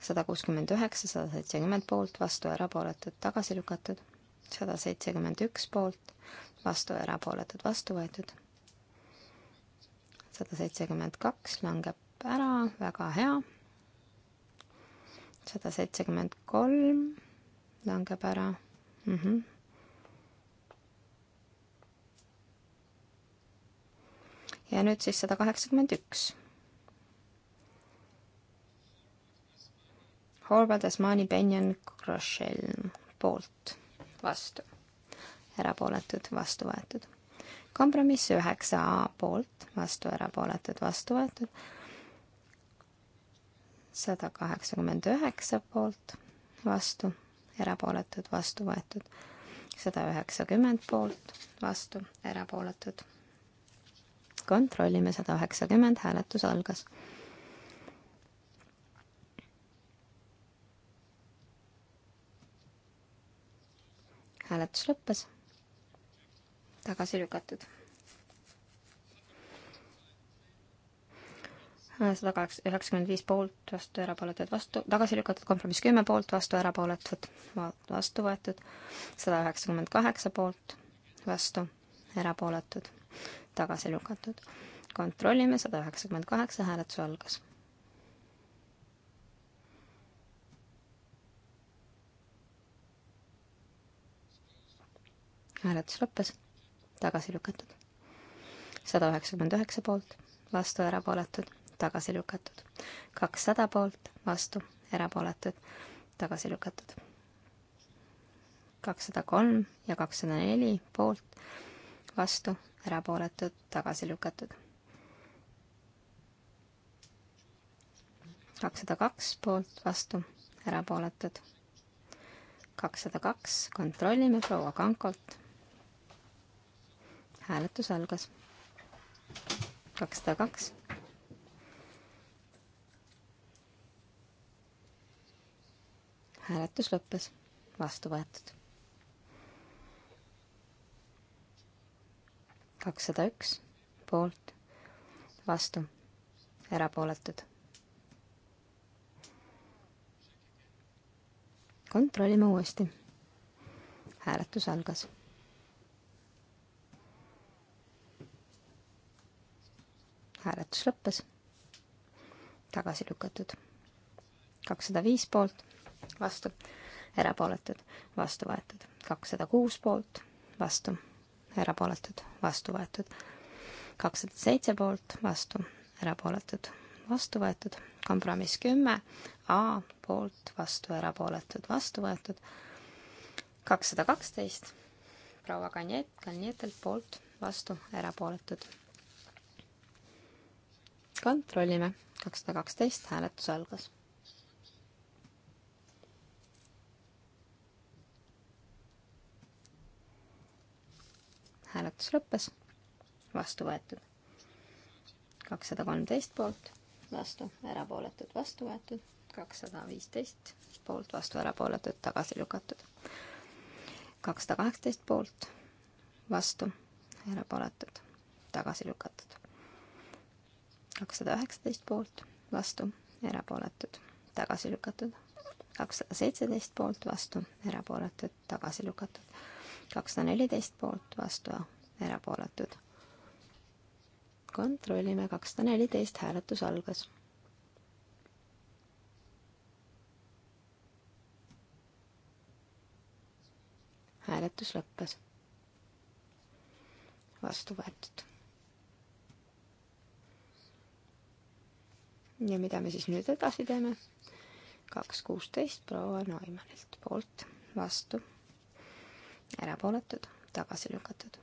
sada kuuskümmend üheksa, sada seitsekümmend poolt, vastu erapooletud, tagasi lükatud. sada seitsekümmend üks poolt, vastu erapooletud, vastu võetud. sada seitsekümmend kaks langeb ära, väga hea. sada seitsekümmend kolm langeb ära mm. -hmm ja nüüd siis sada kaheksakümmend üks. Horvath, Asmani, Benjan, Groschel poolt, vastu, erapooletud, vastu võetud. kompromiss üheksa A poolt, vastu, erapooletud, vastu võetud. sada kaheksakümmend üheksa poolt, vastu, erapooletud, vastu võetud. sada üheksakümmend poolt, vastu, erapooletud kontrollime sada üheksakümmend, hääletus algas. hääletus lõppes. tagasi lükatud. sada kaheksa, üheksakümmend viis poolt, vastu, erapooletud, vastu, tagasi lükatud, kompromiss kümme poolt, vastu, erapooletud, vastu võetud, sada üheksakümmend kaheksa poolt, vastu, erapooletud tagasi lükatud. kontrollime, sada üheksakümmend kaheksa, hääletus algas. hääletus lõppes, tagasi lükatud. sada üheksakümmend üheksa poolt, vastu, erapooletud, tagasi lükatud. kakssada poolt, vastu, erapooletud, tagasi lükatud kakssada kolm ja kakssada neli poolt, vastu, erapooletud, tagasi lükatud. kakssada kaks poolt, vastu, erapooletud. kakssada kaks, kontrollime proua Kankolt. hääletus algas. kakssada kaks. hääletus lõppes, vastu võetud kakssada üks poolt, vastu, erapooletud. kontrollime uuesti. hääletus algas. hääletus lõppes. tagasi lükatud. kakssada viis poolt, vastu, erapooletud, vastu võetud. kakssada kuus poolt, vastu erapooletud, vastu võetud. kakssada seitse poolt, vastu, erapooletud, vastu võetud. kompromiss kümme, A poolt, vastu, erapooletud, vastu võetud. kakssada kaksteist, proua Kanjet, Kanjetelt poolt, vastu, erapooletud. kontrollime, kakssada kaksteist, hääletus algas hääletus lõppes, vastu võetud. kakssada kolmteist poolt, vastu, erapooletud, vastu võetud, kakssada viisteist poolt, vastu, erapooletud, tagasi lükatud. kakssada kaheksateist poolt, vastu, erapooletud, tagasi lükatud. kakssada üheksateist poolt, vastu, erapooletud, tagasi lükatud kakssada seitseteist poolt vastu, erapooletud tagasi lükatud kakssada neliteist poolt, vastu, erapooletud. kontrollime, kakssada neliteist, hääletus algas. hääletus lõppes. vastu võetud. ja mida me siis nüüd edasi teeme? kaks kuusteist proua Neumannilt poolt, vastu erapooletud, tagasi lükatud.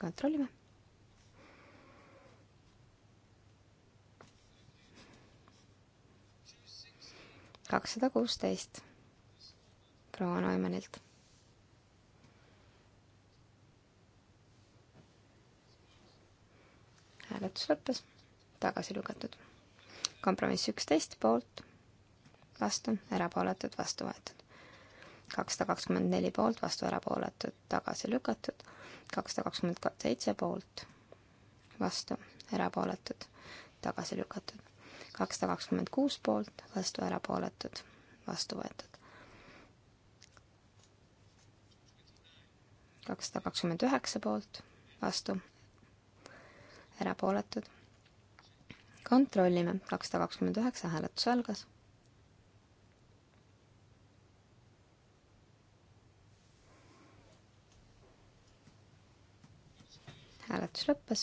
kontrollime. kakssada kuusteist proua Neumannilt. hääletus lõppes, tagasi lükatud. kompromiss üksteist poolt, vastu, erapooletud, vastu võetud kakssada kakskümmend neli poolt, vastu erapooletud, tagasi lükatud, kakssada kakskümmend seitse poolt, vastu erapooletud, tagasi lükatud, kakssada kakskümmend kuus poolt, vastu erapooletud, vastu võetud. kakssada kakskümmend üheksa poolt, vastu erapooletud. kontrollime, kakssada kakskümmend üheksa hääletus algas hääletus lõppes.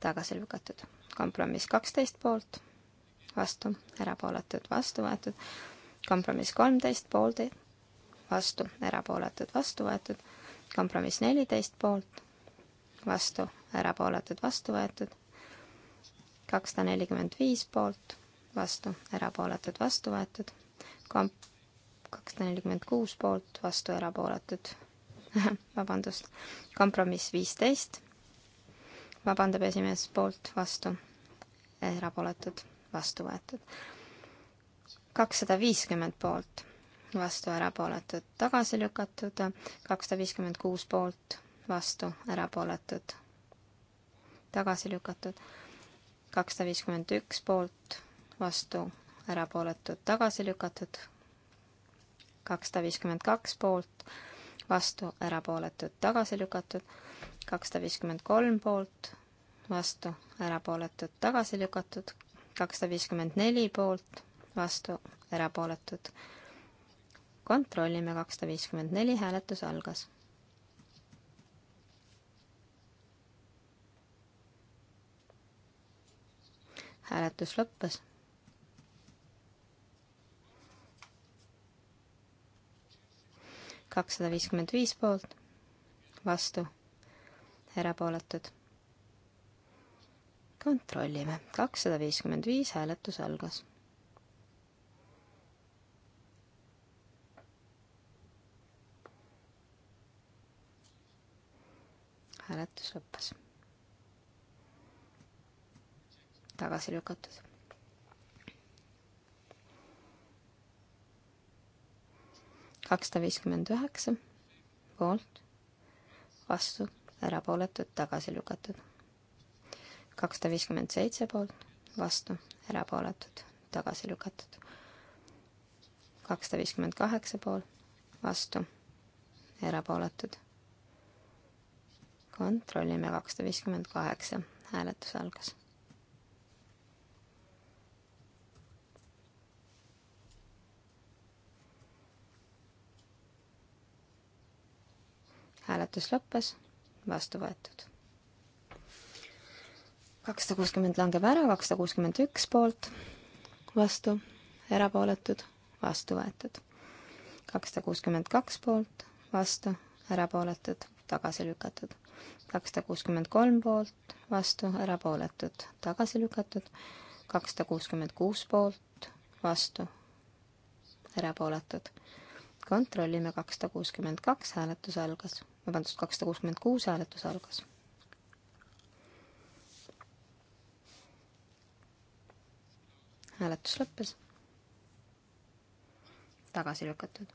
tagasi lükatud. kompromiss kaksteist poolt, vastu, erapooletud, vastu võetud. kompromiss kolmteist poolt, vastu, erapooletud, vastu võetud. kompromiss neliteist poolt, vastu, erapooletud, vastu võetud. kakssada nelikümmend viis poolt, vastu, erapooletud, vastu võetud. komp-, kakssada nelikümmend kuus poolt, vastu, erapooletud *laughs* vabandust, kompromiss viisteist, vabandab esimees poolt, vastu, erapooletud, vastu võetud. kakssada viiskümmend poolt, vastu, erapooletud, tagasi lükatud, kakssada viiskümmend kuus poolt, vastu, erapooletud, tagasi lükatud, kakssada viiskümmend üks poolt, vastu, erapooletud, tagasi lükatud, kakssada viiskümmend kaks poolt, vastu, erapooletud, tagasi lükatud, kakssada viiskümmend kolm poolt, vastu, erapooletud, tagasi lükatud, kakssada viiskümmend neli poolt, vastu, erapooletud. kontrollime, kakssada viiskümmend neli, hääletus algas. hääletus lõppes kakssada viiskümmend viis poolt, vastu, erapooletud. kontrollime, kakssada viiskümmend viis hääletus algas. hääletus lõppes. tagasi lükatud kakssada viiskümmend üheksa poolt, vastu, erapooletud, tagasi lükatud. kakssada viiskümmend seitse poolt, vastu, erapooletud, tagasi lükatud. kakssada viiskümmend kaheksa pool, vastu, erapooletud. kontrollime kakssada viiskümmend kaheksa, hääletus algas hääletus lõppes, vastu võetud. kakssada kuuskümmend langeb ära, kakssada kuuskümmend üks poolt, vastu, erapooletud, vastu võetud. kakssada kuuskümmend kaks poolt, vastu, erapooletud, tagasi lükatud. kakssada kuuskümmend kolm poolt, vastu, erapooletud, tagasi lükatud. kakssada kuuskümmend kuus poolt, vastu, erapooletud kontrollime kakssada kuuskümmend kaks, hääletus algas vabandust, kakssada kuuskümmend kuus hääletus algas. hääletus lõppes. tagasi lükatud.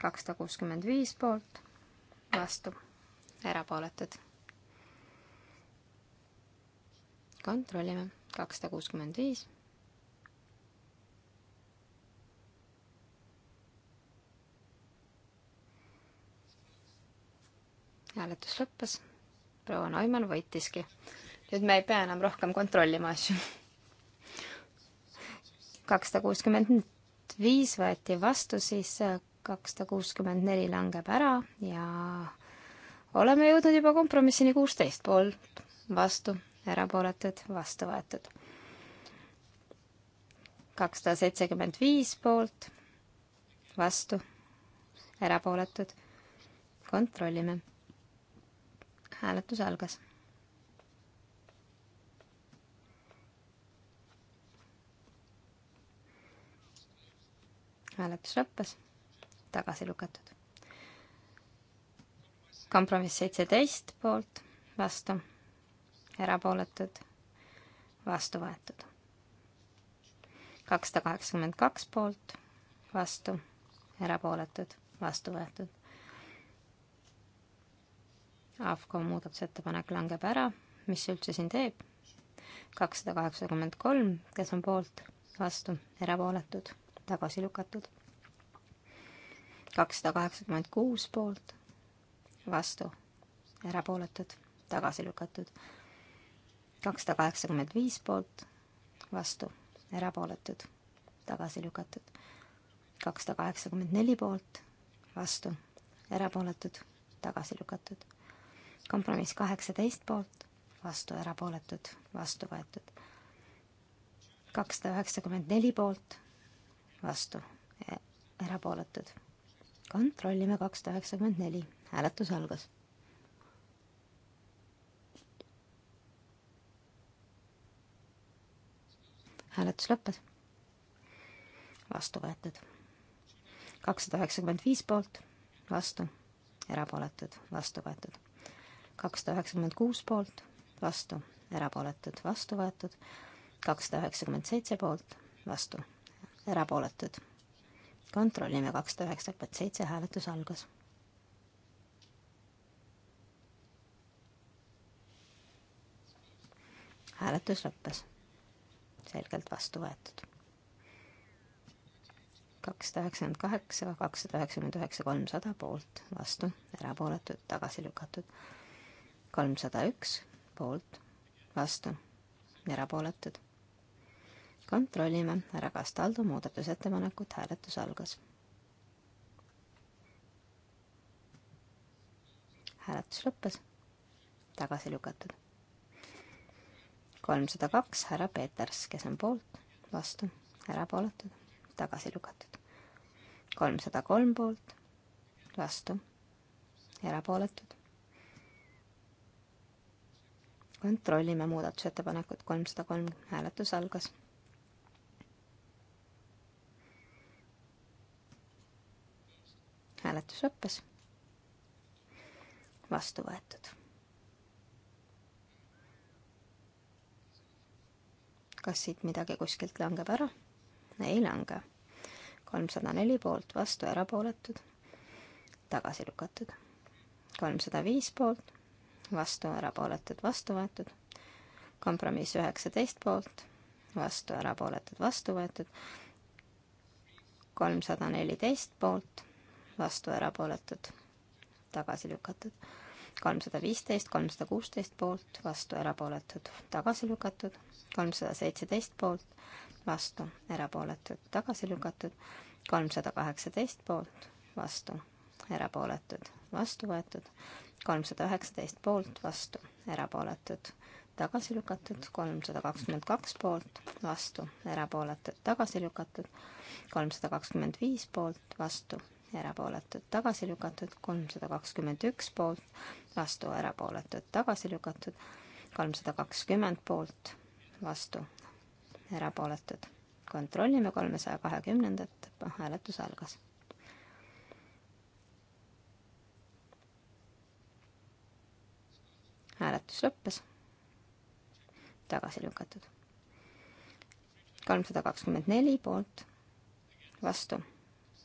kakssada kuuskümmend viis poolt, vastu, erapooletud. kontrollime, kakssada kuuskümmend viis hääletus lõppes. proua Neumann võitiski. nüüd me ei pea enam rohkem kontrollima asju. *laughs* kakssada kuuskümmend viis võeti vastu, siis kakssada kuuskümmend neli langeb ära ja oleme jõudnud juba kompromissini kuusteist poolt, vastu, erapooletud, vastu võetud. kakssada seitsekümmend viis poolt, vastu, erapooletud. kontrollime hääletus algas. hääletus lõppes, tagasi lükatud. kompromiss seitseteist poolt, vastu, erapooletud, vastu võetud. kakssada kaheksakümmend kaks poolt, vastu, erapooletud, vastu võetud AFCO muudatusettepanek langeb ära, mis üldse siin teeb? kakssada kaheksakümmend kolm, kes on poolt, vastu, erapooletud, tagasi lükatud. kakssada kaheksakümmend kuus poolt, vastu, erapooletud, tagasi lükatud. kakssada kaheksakümmend viis poolt, vastu, erapooletud, tagasi lükatud. kakssada kaheksakümmend neli poolt, vastu, erapooletud, tagasi lükatud kompromiss kaheksateist poolt, vastu erapooletud, vastu võetud. kakssada üheksakümmend neli poolt, vastu e-, erapooletud. kontrollime kakssada üheksakümmend neli, hääletus algas. hääletus lõppes. vastu võetud. kakssada üheksakümmend viis poolt, vastu, erapooletud, vastu võetud kakssada üheksakümmend kuus poolt, vastu, erapooletud, vastu võetud, kakssada üheksakümmend seitse poolt, vastu, erapooletud. kontrollime, kakssada üheksakümmend seitse hääletus algas. hääletus lõppes, selgelt vastu võetud kakssada üheksakümmend kaheksa, kakssada üheksakümmend üheksa, kolmsada poolt, vastu, erapooletud, tagasi lükatud kolmsada üks poolt, vastu, erapooletud. kontrollime härra Kastaldu muudatusettepanekut, hääletus algas. hääletus lõppes, tagasi lükatud. kolmsada kaks härra Peeters, kes on poolt, vastu, erapooletud, tagasi lükatud. kolmsada kolm poolt, vastu, erapooletud kontrollime muudatusettepanekut kolmsada kolm, hääletus algas. hääletus lõppes. vastu võetud. kas siit midagi kuskilt langeb ära? ei lange. kolmsada neli poolt, vastu erapooletud, tagasi lükatud. kolmsada viis poolt vastu, erapooletud, vastu võetud. kompromiss üheksateist poolt, vastu, erapooletud, vastu võetud. kolmsada neliteist poolt, vastu, erapooletud, tagasi lükatud. kolmsada viisteist, kolmsada kuusteist poolt, vastu, erapooletud, tagasi lükatud. kolmsada seitseteist poolt, vastu, erapooletud, tagasi lükatud. kolmsada kaheksateist poolt, vastu erapooletud, vastu võetud, kolmsada üheksateist poolt, vastu, erapooletud, tagasi lükatud, kolmsada kakskümmend kaks poolt, vastu, erapooletud, tagasi lükatud, kolmsada kakskümmend viis poolt, vastu, erapooletud, tagasi lükatud, kolmsada kakskümmend üks poolt, vastu, erapooletud, tagasi lükatud, kolmsada kakskümmend poolt, vastu, erapooletud kontrollime kolmesaja kahekümnendat, hääletus algas hääletus lõppes. tagasi lükatud. kolmsada kakskümmend neli poolt, vastu,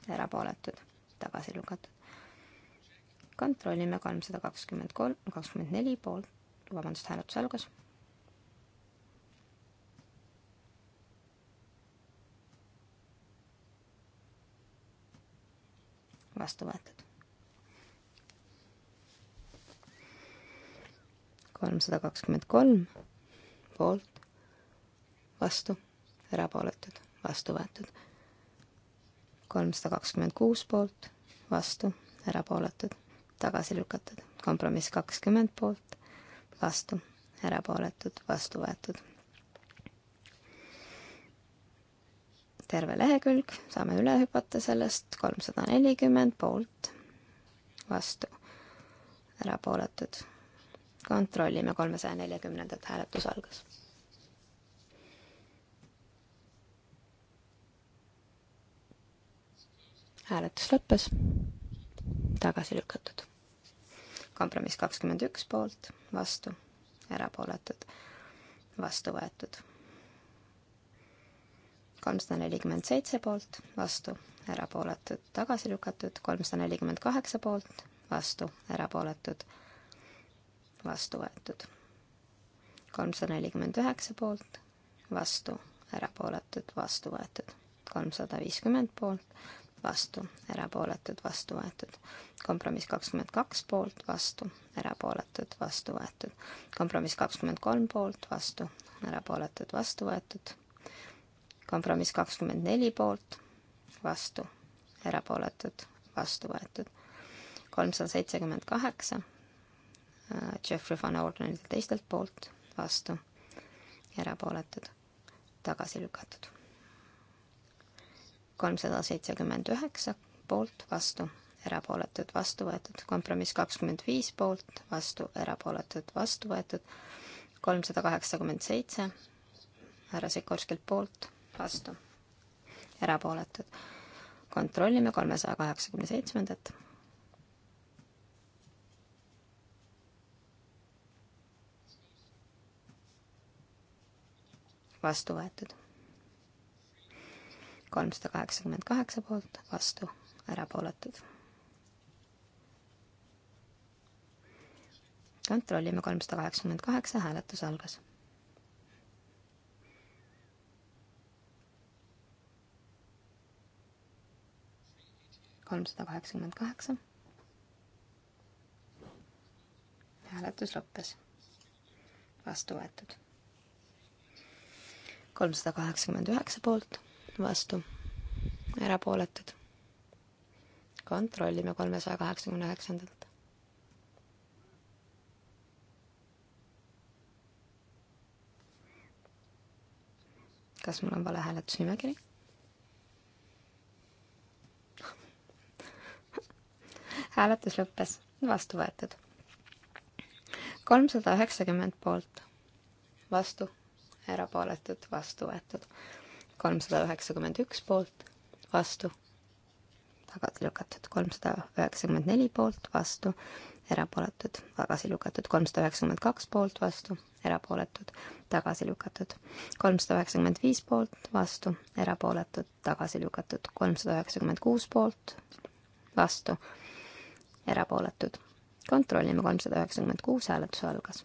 erapooletud, tagasi lükatud. kontrollime kolmsada kakskümmend kolm, kakskümmend neli poolt, vabandust, hääletus algas vastu võetud. kolmsada kakskümmend kolm poolt, vastu, erapooletud, vastu võetud. kolmsada kakskümmend kuus poolt, vastu, erapooletud, tagasi lükatud. kompromiss kakskümmend poolt, vastu, erapooletud, vastu võetud. terve lehekülg, saame üle hüpata sellest, kolmsada nelikümmend poolt, vastu, erapooletud kontrollime kolmesaja neljakümnendat hääletus algas. hääletus lõppes, tagasi lükatud. kompromiss kakskümmend üks poolt, vastu, erapooletud, vastu võetud. kolmsada nelikümmend seitse poolt, vastu, erapooletud, tagasi lükatud, kolmsada nelikümmend kaheksa poolt, vastu, erapooletud vastu võetud. kolmsada nelikümmend üheksa poolt, vastu, erapooletud, vastu võetud. kolmsada viiskümmend poolt, vastu, erapooletud, vastu võetud. kompromiss kakskümmend kaks poolt, vastu, erapooletud, vastu võetud. kompromiss kakskümmend kolm poolt, vastu, erapooletud, vastu võetud. kompromiss kakskümmend neli poolt, vastu, erapooletud, vastu võetud. kolmsada seitsekümmend kaheksa Jeffrey Van Ordenilt teistelt poolt, vastu, erapooletud, tagasi lükatud. kolmsada seitsekümmend üheksa poolt, vastu, erapooletud, vastu võetud, kompromiss kakskümmend viis poolt, vastu, erapooletud, vastu võetud, kolmsada kaheksakümmend seitse härra Sikorskilt poolt, vastu, erapooletud. kontrollime kolmesaja kaheksakümne seitsmendat vastu võetud. kolmsada kaheksakümmend kaheksa poolt, vastu, erapooletud. kontrollime kolmsada kaheksakümmend kaheksa, hääletus algas. kolmsada kaheksakümmend kaheksa. hääletus lõppes. vastu võetud kolmsada kaheksakümmend üheksa poolt, vastu, erapooletud. kontrollime kolmesaja kaheksakümne üheksandat. kas mul on vale hääletusnimekiri? *laughs* hääletus lõppes, vastu võetud. kolmsada üheksakümmend poolt, vastu erapooletud, vastu võetud. kolmsada üheksakümmend üks poolt, vastu, tagasi lükatud. kolmsada üheksakümmend neli poolt, vastu, erapooletud, tagasi lükatud. kolmsada üheksakümmend kaks poolt, vastu, erapooletud, tagasi lükatud. kolmsada üheksakümmend viis poolt, vastu, erapooletud, tagasi lükatud. kolmsada üheksakümmend kuus poolt, vastu, erapooletud kontrollime, kolmsada üheksakümmend kuus hääletus algas.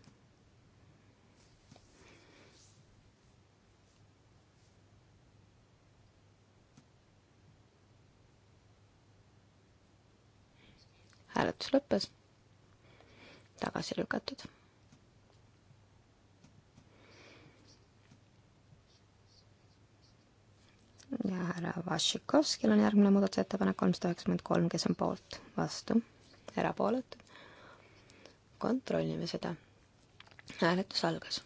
hääletus lõppes. tagasi lükatud. ja härra Vašikovskil on järgmine muudatusettepanek kolmsada üheksakümmend kolm, kes on poolt, vastu, erapooletud. kontrollime seda. hääletus algas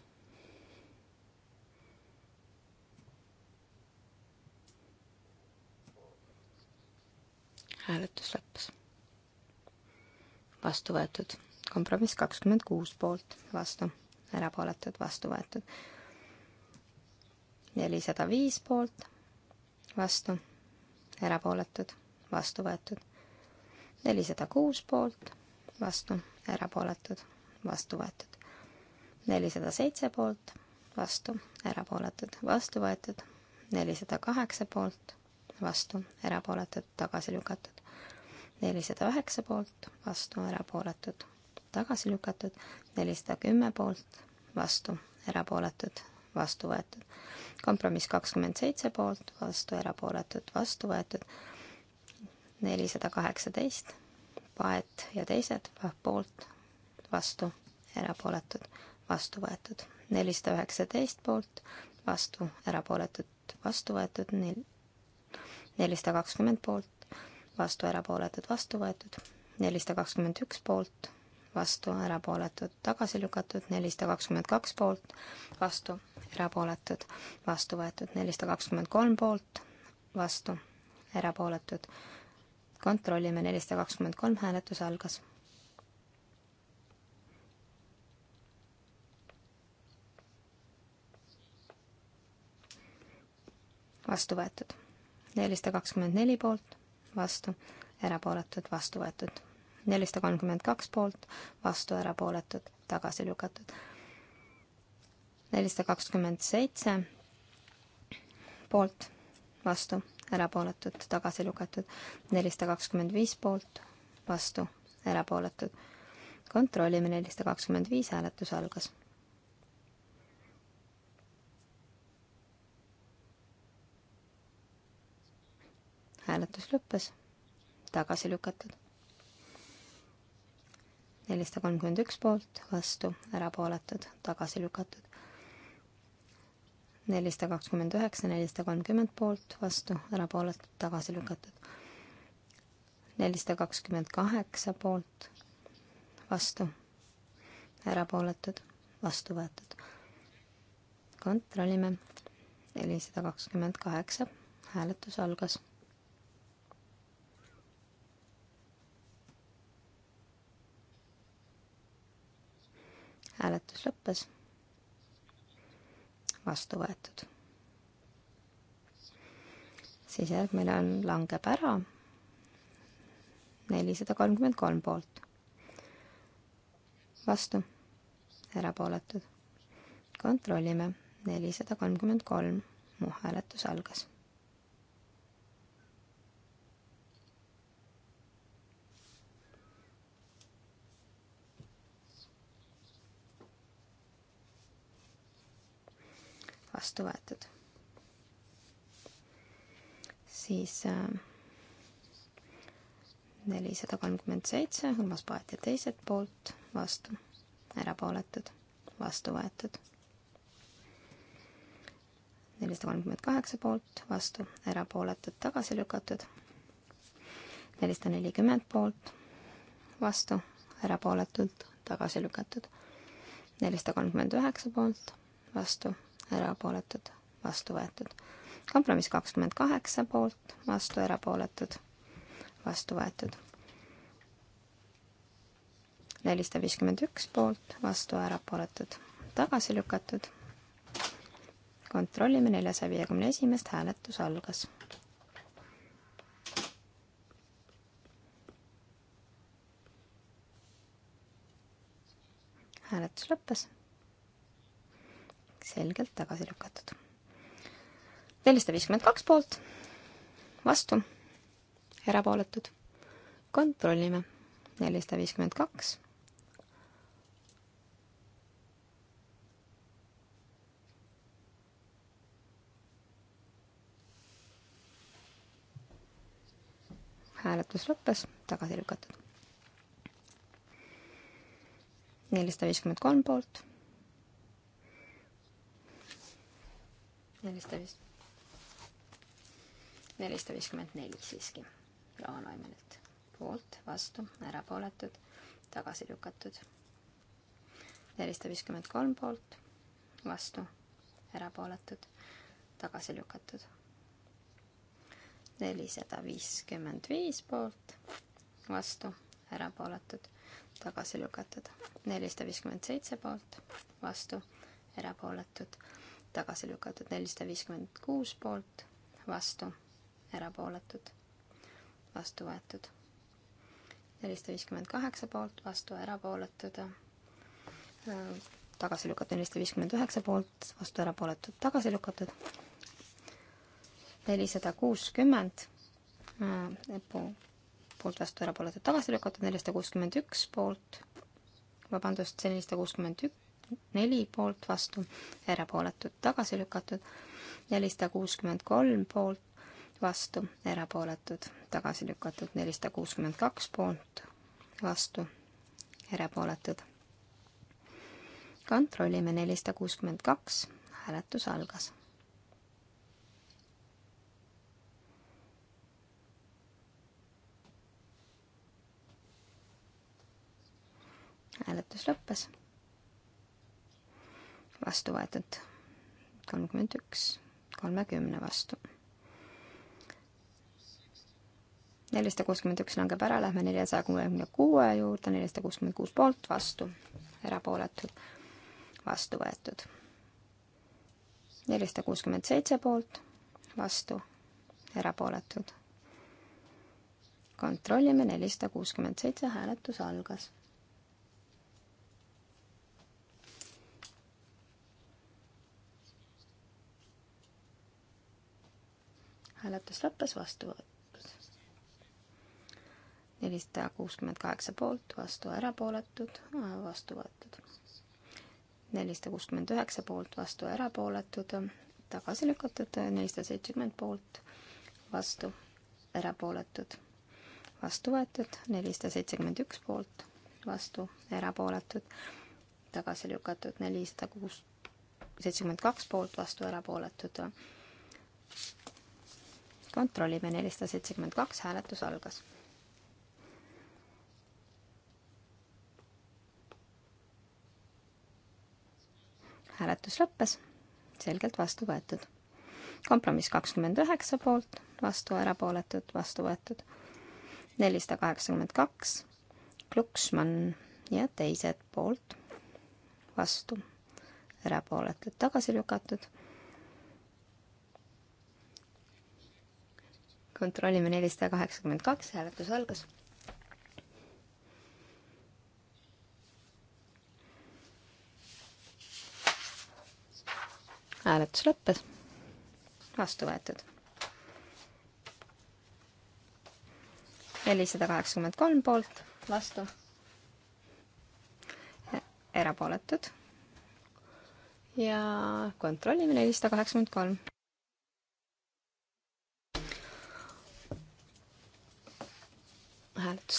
hääletus lõppes vastu võetud. kompromiss kakskümmend kuus poolt, vastu, erapooletud, vastu võetud. nelisada viis poolt, vastu, erapooletud, vastu võetud. nelisada kuus poolt, vastu, erapooletud, vastu võetud. nelisada seitse poolt, vastu, erapooletud, vastu võetud. nelisada kaheksa poolt, vastu, erapooletud, tagasi lükatud nelisada üheksa poolt, vastu, erapooletud, tagasi lükatud, nelisada kümme poolt, vastu, erapooletud, vastu võetud. kompromiss kakskümmend seitse poolt, vastu, erapooletud, vastu võetud, nelisada kaheksateist, Paet ja teised poolt, vastu, erapooletud, vastu võetud, nelisada üheksateist poolt, vastu, erapooletud, vastu võetud, nelisada kakskümmend poolt, vastu erapooletud, vastu võetud, nelisada kakskümmend üks poolt, vastu erapooletud, tagasi lükatud, nelisada kakskümmend kaks poolt, vastu erapooletud, vastu võetud, nelisada kakskümmend kolm poolt, vastu erapooletud. kontrollime, nelisada kakskümmend kolm hääletus algas. vastu võetud, nelisada kakskümmend neli poolt vastu, erapooletud, vastu võetud. nelisada kolmkümmend kaks poolt, vastu, erapooletud, tagasi lükatud. nelisada kakskümmend seitse poolt, vastu, erapooletud, tagasi lükatud. nelisada kakskümmend viis poolt, vastu, erapooletud. kontrollime nelisada kakskümmend viis, hääletus algas hääletus lõppes, tagasi lükatud. nelisada kolmkümmend üks poolt, vastu, erapooletud, tagasi lükatud. nelisada kakskümmend üheksa, nelisada kolmkümmend poolt, vastu, erapooletud, tagasi lükatud. nelisada kakskümmend kaheksa poolt, vastu, erapooletud, vastu võetud. kontrollime nelisada kakskümmend kaheksa, hääletus algas hääletus lõppes. vastu võetud. siis järgmine on, langeb ära. nelisada kolmkümmend kolm poolt. vastu, erapooletud. kontrollime, nelisada kolmkümmend kolm, mu hääletus algas vastu võetud. siis äh, nelisada kolmkümmend seitse, Urmas Paet ja teised poolt, vastu, erapooletud, vastu võetud. nelisada kolmkümmend kaheksa poolt, vastu, erapooletud, tagasi lükatud. nelisada nelikümmend poolt, vastu, erapooletud, tagasi lükatud. nelisada kolmkümmend üheksa poolt, vastu erapooletud, vastu võetud. kompromiss kakskümmend kaheksa poolt, vastu erapooletud, vastu võetud. nelisada viiskümmend üks poolt, vastu erapooletud, tagasi lükatud. kontrollime neljasaja viiekümne esimest, hääletus algas. hääletus lõppes selgelt tagasi lükatud. nelisada viiskümmend kaks poolt, vastu, erapooletud. kontrollime, nelisada viiskümmend kaks. hääletus lõppes, tagasi lükatud. nelisada viiskümmend kolm poolt nelisada viis, nelisada viiskümmend neli siiski. Jaan Oimenilt poolt, vastu, erapooletud, tagasi lükatud. nelisada viiskümmend kolm poolt, vastu, erapooletud, tagasi lükatud. nelisada viiskümmend viis poolt, vastu, erapooletud, tagasi lükatud. nelisada viiskümmend seitse poolt, vastu, erapooletud tagasi lükatud nelisada viiskümmend kuus poolt, vastu, erapooletud, vastu võetud. nelisada viiskümmend kaheksa poolt, vastu, erapooletud, tagasi lükatud nelisada viiskümmend üheksa poolt, vastu, erapooletud, tagasi lükatud. nelisada kuuskümmend eh, poolt, vastu, erapooletud, tagasi lükatud, nelisada kuuskümmend üks poolt, vabandust, see nelisada kuuskümmend üks, neli poolt vastu, erapooletud tagasi lükatud, nelisada kuuskümmend kolm poolt vastu, erapooletud tagasi lükatud, nelisada kuuskümmend kaks poolt vastu, erapooletud. kontrollime nelisada kuuskümmend kaks, hääletus algas. hääletus lõppes vastu võetud. kolmkümmend üks kolmekümne vastu. nelisada kuuskümmend üks langeb ära, lähme neljasaja kuuekümne kuue juurde, nelisada kuuskümmend kuus poolt, vastu, erapooletud, vastu võetud. nelisada kuuskümmend seitse poolt, vastu, erapooletud. kontrollime, nelisada kuuskümmend seitse, hääletus algas. hääletus lõppes, vastu võetud. nelisada kuuskümmend kaheksa poolt, vastu erapooletud, vastu võetud. nelisada kuuskümmend üheksa poolt, vastu erapooletud, tagasi lükatud, nelisada seitsekümmend poolt, vastu erapooletud, vastu võetud, nelisada seitsekümmend üks poolt, vastu erapooletud, tagasi lükatud, nelisada kuus, seitsekümmend kaks poolt, vastu erapooletud kontrollime, nelisada seitsekümmend kaks, hääletus algas. hääletus lõppes, selgelt vastu võetud. kompromiss kakskümmend üheksa poolt, vastu erapooletud, vastu võetud. nelisada kaheksakümmend kaks, Kluksmann ja teised poolt, vastu, erapooletud, tagasi lükatud kontrollime nelisada kaheksakümmend kaks, hääletus algas. hääletus lõppes, vastu võetud. nelisada kaheksakümmend kolm poolt, vastu, erapooletud ja kontrollime nelisada kaheksakümmend kolm.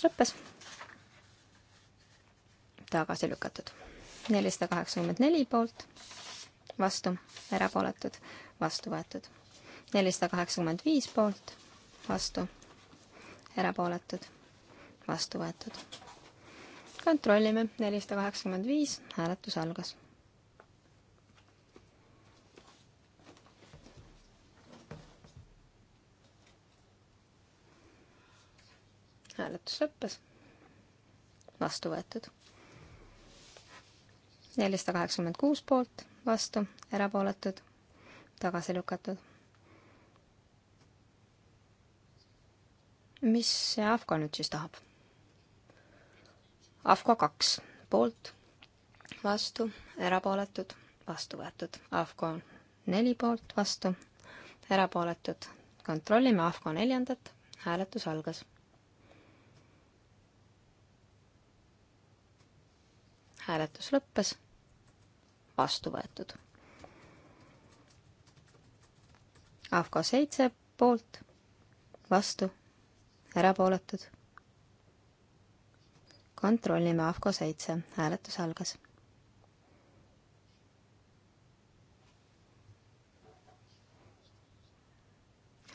lõppes. tagasi lükatud. nelisada kaheksakümmend neli poolt, vastu, erapooletud, vastu võetud. nelisada kaheksakümmend viis poolt, vastu, erapooletud, vastu võetud. kontrollime, nelisada kaheksakümmend viis, hääletus algas hääletus lõppes. vastu võetud. nelisada kaheksakümmend kuus poolt, vastu, erapooletud, tagasi lükatud. mis see Afko nüüd siis tahab? Afko kaks, poolt, vastu, erapooletud, vastu võetud. Afko neli poolt, vastu, erapooletud. kontrollime Afko neljandat, hääletus algas hääletus lõppes, vastu võetud. AFCO seitse poolt, vastu, erapooletud. kontrollime AFCO seitse, hääletus algas.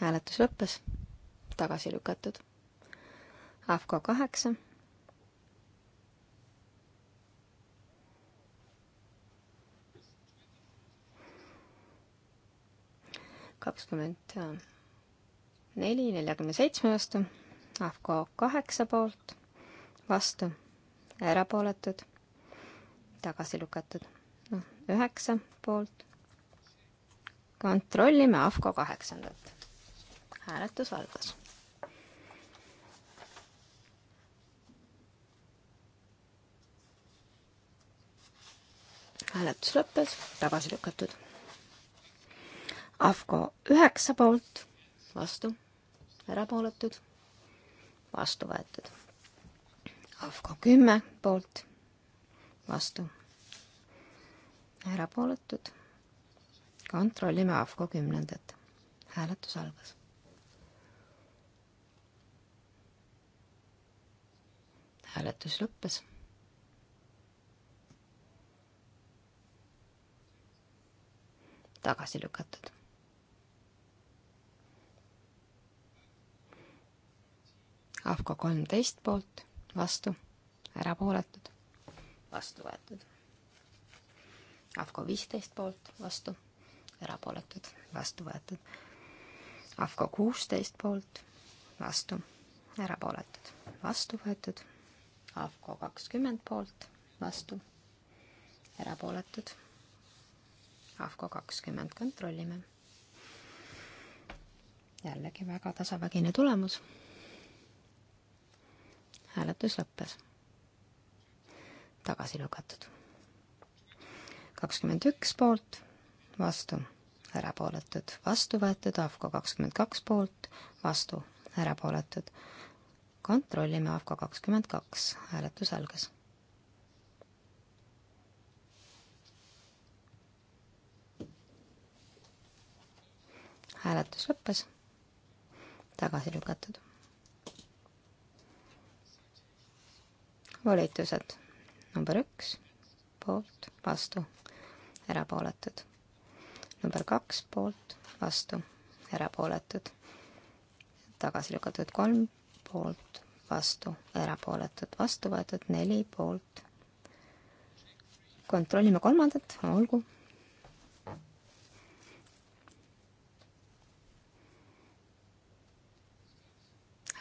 hääletus lõppes, tagasi lükatud. AFCO kaheksa kakskümmend neli neljakümne seitsme vastu, AFCO kaheksa poolt, vastu, erapooletud, tagasi lükatud, noh, üheksa poolt. kontrollime AFCO kaheksandat. hääletus algas hääletus lõppes, tagasi lükatud AFCO üheksa poolt, vastu, erapooletud, vastu võetud. AFCO kümme poolt, vastu, erapooletud. kontrollime AFCO kümnendat. hääletus algas. hääletus lõppes tagasi lükatud. AFCO kolmteist poolt, vastu, erapooletud, vastu võetud. AFCO viisteist poolt, vastu, erapooletud, vastu võetud. AFCO kuusteist poolt, vastu, erapooletud, vastu võetud. AFCO kakskümmend poolt, vastu, erapooletud. AFCO kakskümmend kontrollime. jällegi väga tasavägine tulemus hääletus lõppes. tagasi lükatud. kakskümmend üks poolt, vastu, erapooletud, vastu võetud, AFCO kakskümmend kaks poolt, vastu, erapooletud. kontrollime AFCO kakskümmend kaks, hääletus algas. hääletus lõppes, tagasi lükatud volitused. number üks, poolt, vastu, erapooletud. number kaks, poolt, vastu, erapooletud. tagasi lükatud kolm, poolt, vastu, erapooletud, vastu võetud neli poolt. kontrollime kolmandat, olgu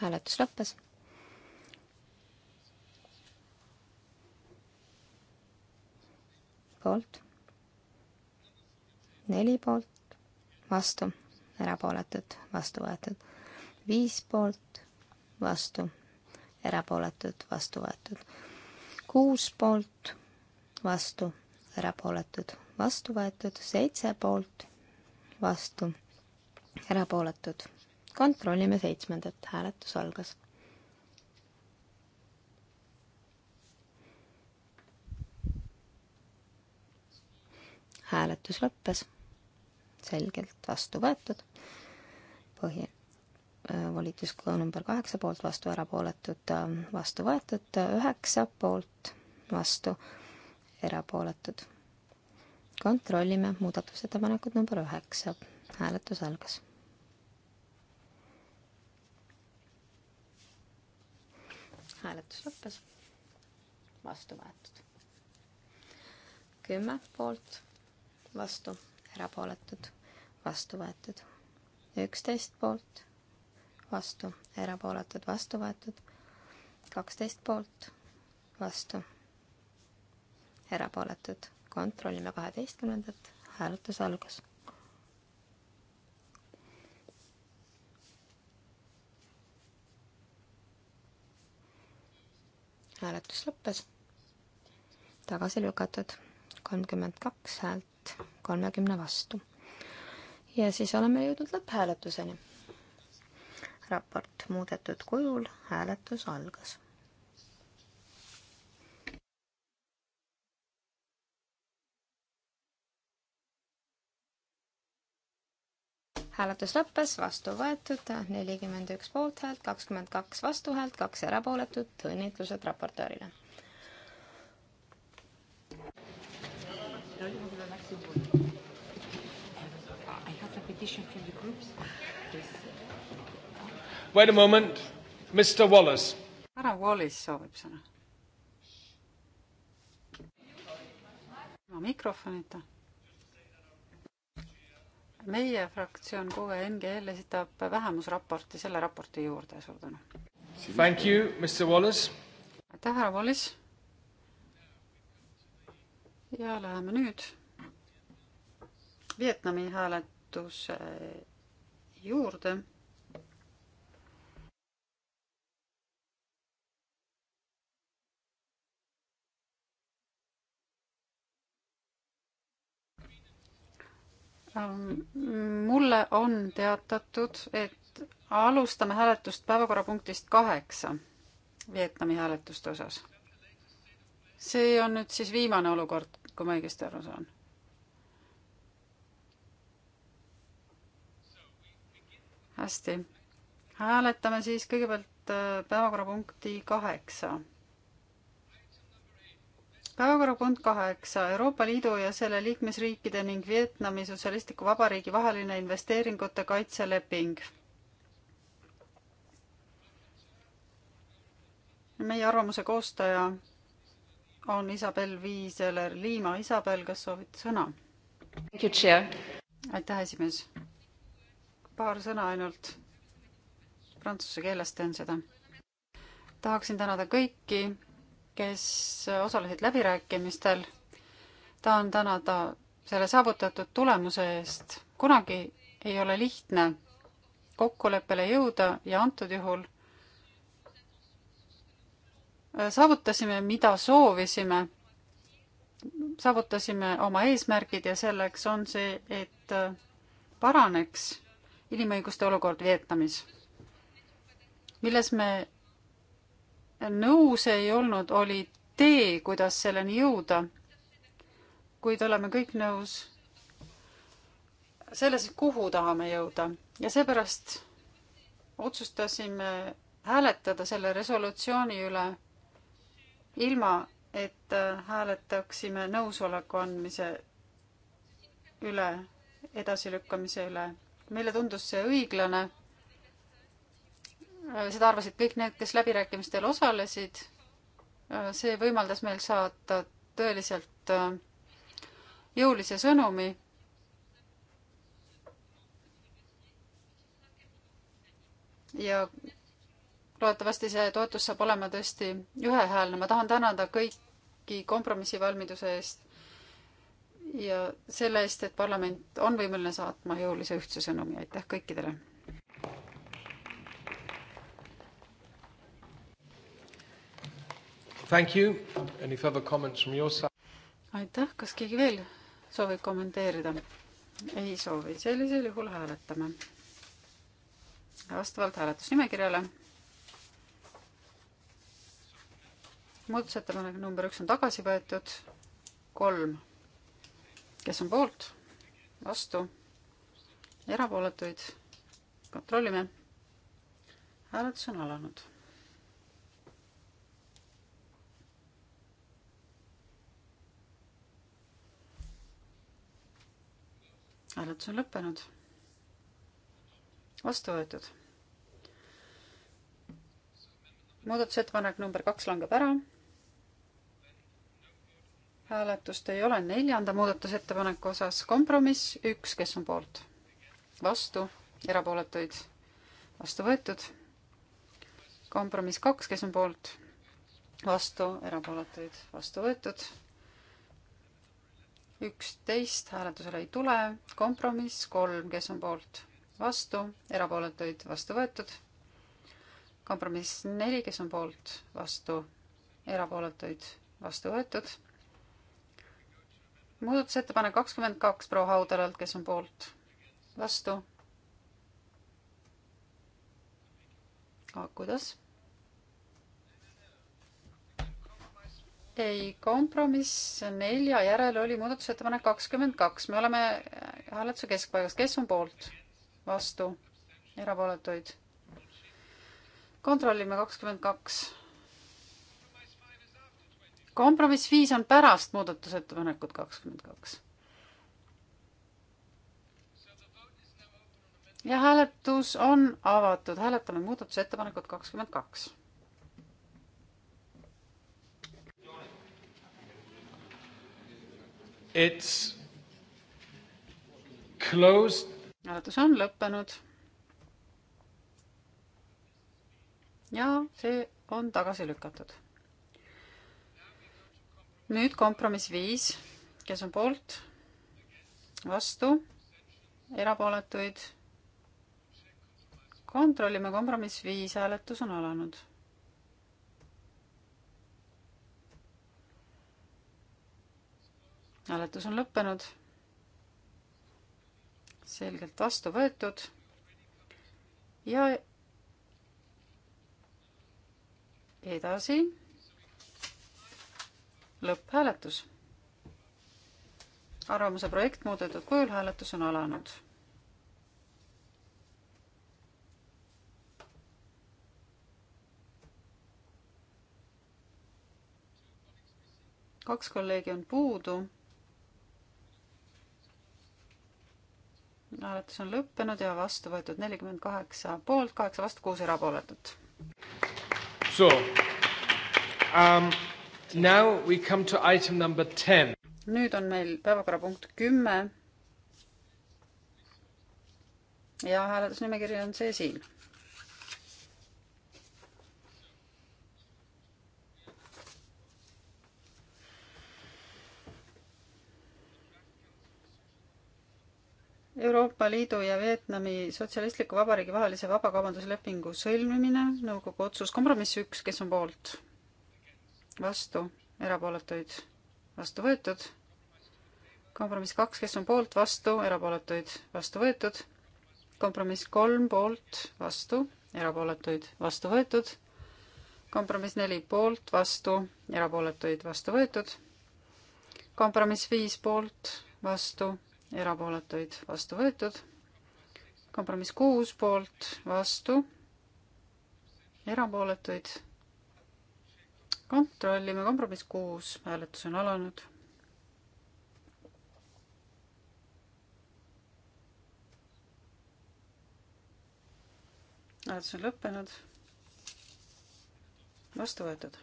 hääletus lõppes poolt, neli poolt, vastu, erapooletud, vastu võetud, viis poolt, vastu, erapooletud, vastu võetud, kuus poolt, vastu, erapooletud, vastu võetud, seitse poolt, vastu, erapooletud. kontrollime seitsmendat, hääletus algas hääletus lõppes, selgelt vastu võetud, põhi, äh, volitus number kaheksa poolt vastu, erapooletud äh, vastu võetud, üheksa poolt vastu, erapooletud. kontrollime muudatusettepanekut number üheksa, hääletus algas. hääletus lõppes, vastu võetud kümme poolt, vastu, erapooletud, vastu võetud. üksteist poolt, vastu, erapooletud, vastu võetud. kaksteist poolt, vastu, erapooletud. kontrollime kaheteistkümnendat, hääletus algas hääletus lõppes. tagasi lükatud kolmkümmend kaks häält poolt, kolmekümne vastu. ja siis oleme jõudnud lõpphääletuseni. raport muudetud kujul, hääletus algas. hääletus lõppes, vastu võetud nelikümmend üks poolthäält, kakskümmend kaks vastuhäält, kaks erapooletut, õnnitlused raportöörile No, you have your next one. I have a petition from the groups. This. Wait a moment. Mr. Wallace. härra Wallace soovib sõna. ilma mikrofonita. meie fraktsioon QNGL esitab vähemusraporti selle raporti juurde, suur tänu. Thank you, Mr Wallace. aitäh, härra Wallace ja läheme nüüd Vietnami hääletuse juurde. Ähm, mulle on teatatud, et alustame hääletust päevakorrapunktist kaheksa Vietnami hääletuste osas see on nüüd siis viimane olukord, kui ma õigesti aru saan. hästi, hääletame siis kõigepealt äh, päevakorrapunkti kaheksa. päevakorrapunkt kaheksa, Euroopa Liidu ja selle liikmesriikide ning Vietnami Sotsialistliku Vabariigi vaheline investeeringute kaitseleping meie arvamuse koostaja on Isabel Viiseler Liima. Isabel, kas soovid sõna? aitäh, esimees. paar sõna ainult. Prantsuse keeles teen seda. tahaksin tänada kõiki, kes osalesid läbirääkimistel. tahan tänada selle saavutatud tulemuse eest. kunagi ei ole lihtne kokkuleppele jõuda ja antud juhul Äh, saavutasime, mida soovisime. saavutasime oma eesmärgid ja selleks on see, et äh, paraneks inimõiguste olukord Vietnamis. milles me nõus ei olnud, oli tee, kuidas selleni jõuda. kuid oleme kõik nõus selles, kuhu tahame jõuda ja seepärast otsustasime hääletada selle resolutsiooni üle ilma et äh, hääletaksime nõusoleku andmise üle, edasilükkamise üle. meile tundus see õiglane. Äh, seda arvasid kõik need, kes läbirääkimistel osalesid. Äh, see võimaldas meil saata tõeliselt jõulise sõnumi. ja loodetavasti see toetus saab olema tõesti ühehäälne. ma tahan tänada kõiki kompromissivalmiduse eest ja selle eest, et parlament on võimeline saatma jõulise ühtse sõnumi. aitäh kõikidele! aitäh, kas keegi veel soovib kommenteerida? ei soovi, sellisel juhul hääletame. vastavalt hääletusnimekirjale muudatusettepanek number üks on tagasi võetud, kolm, kes on poolt, vastu, erapooletuid, kontrollime. hääletus on alanud. hääletus on lõppenud. vastu võetud muudatusettepanek number kaks langeb ära hääletust ei ole neljanda muudatusettepaneku osas. kompromiss üks, kes on poolt? vastu, erapooletuid? vastu võetud. kompromiss kaks, kes on poolt? vastu, erapooletuid? vastu võetud. üksteist hääletusele ei tule. kompromiss kolm, kes on poolt? vastu, erapooletuid? vastu võetud. kompromiss neli, kes on poolt? vastu, erapooletuid? vastu võetud muudatusettepanek kakskümmend kaks proua Haudalalt, kes on poolt, vastu. kuidas? ei, kompromiss nelja järel oli muudatusettepanek kakskümmend kaks, me oleme hääletuse keskpaigas, kes on poolt, vastu, erapooletuid? kontrollime kakskümmend kaks kompromiss viis on pärast muudatusettepanekut kakskümmend kaks. ja hääletus on avatud, hääletame muudatusettepanekut kakskümmend kaks. It's closed. hääletus on lõppenud. ja see on tagasi lükatud nüüd kompromiss viis, kes on poolt, vastu, erapooletuid. kontrollime, kompromiss viis, hääletus on alanud. hääletus on lõppenud. selgelt vastu võetud. ja edasi lõpphääletus. arvamuse projekt muudetud kujul hääletus on alanud. kaks kolleegi on puudu. hääletus on lõppenud ja vastu võetud nelikümmend kaheksa poolt, kaheksa vastu, kuus erapooletut. So um, Now we come to item number ten. nüüd on meil päevakorrapunkt kümme. ja hääletusnimekiri on see siin. Euroopa Liidu ja Vietnami Sotsialistliku Vabariigi vahelise vabakaubanduslepingu sõlmimine, nõukogu otsus, kompromiss üks, kes on poolt? vastu, erapooletuid vastu võetud. kompromiss kaks, kes on poolt, vastu, erapooletuid vastu võetud. kompromiss kolm poolt, vastu, erapooletuid vastu võetud. kompromiss neli poolt, vastu, erapooletuid vastu võetud. kompromiss viis poolt, vastu, erapooletuid vastu võetud. kompromiss kuus poolt, vastu, erapooletuid kontrollime, kompromiss kuus, hääletus on alanud. hääletus on lõppenud. vastu võetud.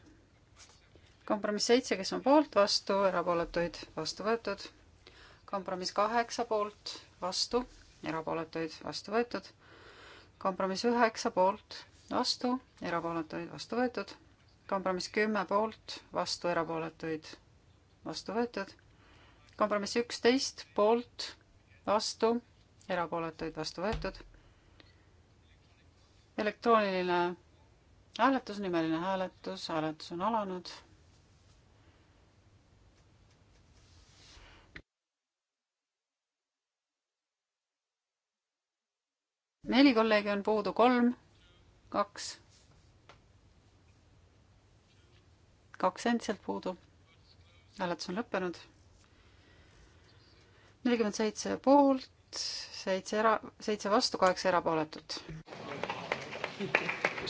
kompromiss seitse, kes on poolt, vastu, erapooletuid, vastu võetud. kompromiss kaheksa poolt, vastu, erapooletuid, vastu võetud. kompromiss üheksa poolt, vastu, erapooletuid, vastu võetud kompromiss kümme poolt, vastu erapooletuid, vastu võetud. kompromiss üksteist poolt, vastu, erapooletuid vastu võetud. elektrooniline hääletus, nimeline hääletus, hääletus on alanud. neli kolleegi on puudu, kolm, kaks kaks endiselt puudub. hääletus on lõppenud. nelikümmend seitse poolt, seitse era-, seitse vastu, kaheksa erapooletut.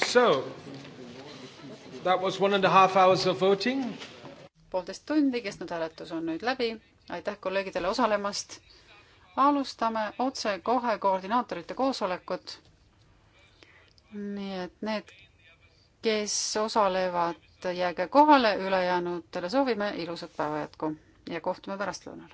So that was one and a half hours of voting. poolteist tundi kestnud hääletus on nüüd läbi. aitäh kolleegidele osalemast. alustame otsekohe koordinaatorite koosolekut. nii et need, kes osalevad jääge kohale, ülejäänutele soovime ilusat päeva jätku ja kohtume pärastlõunal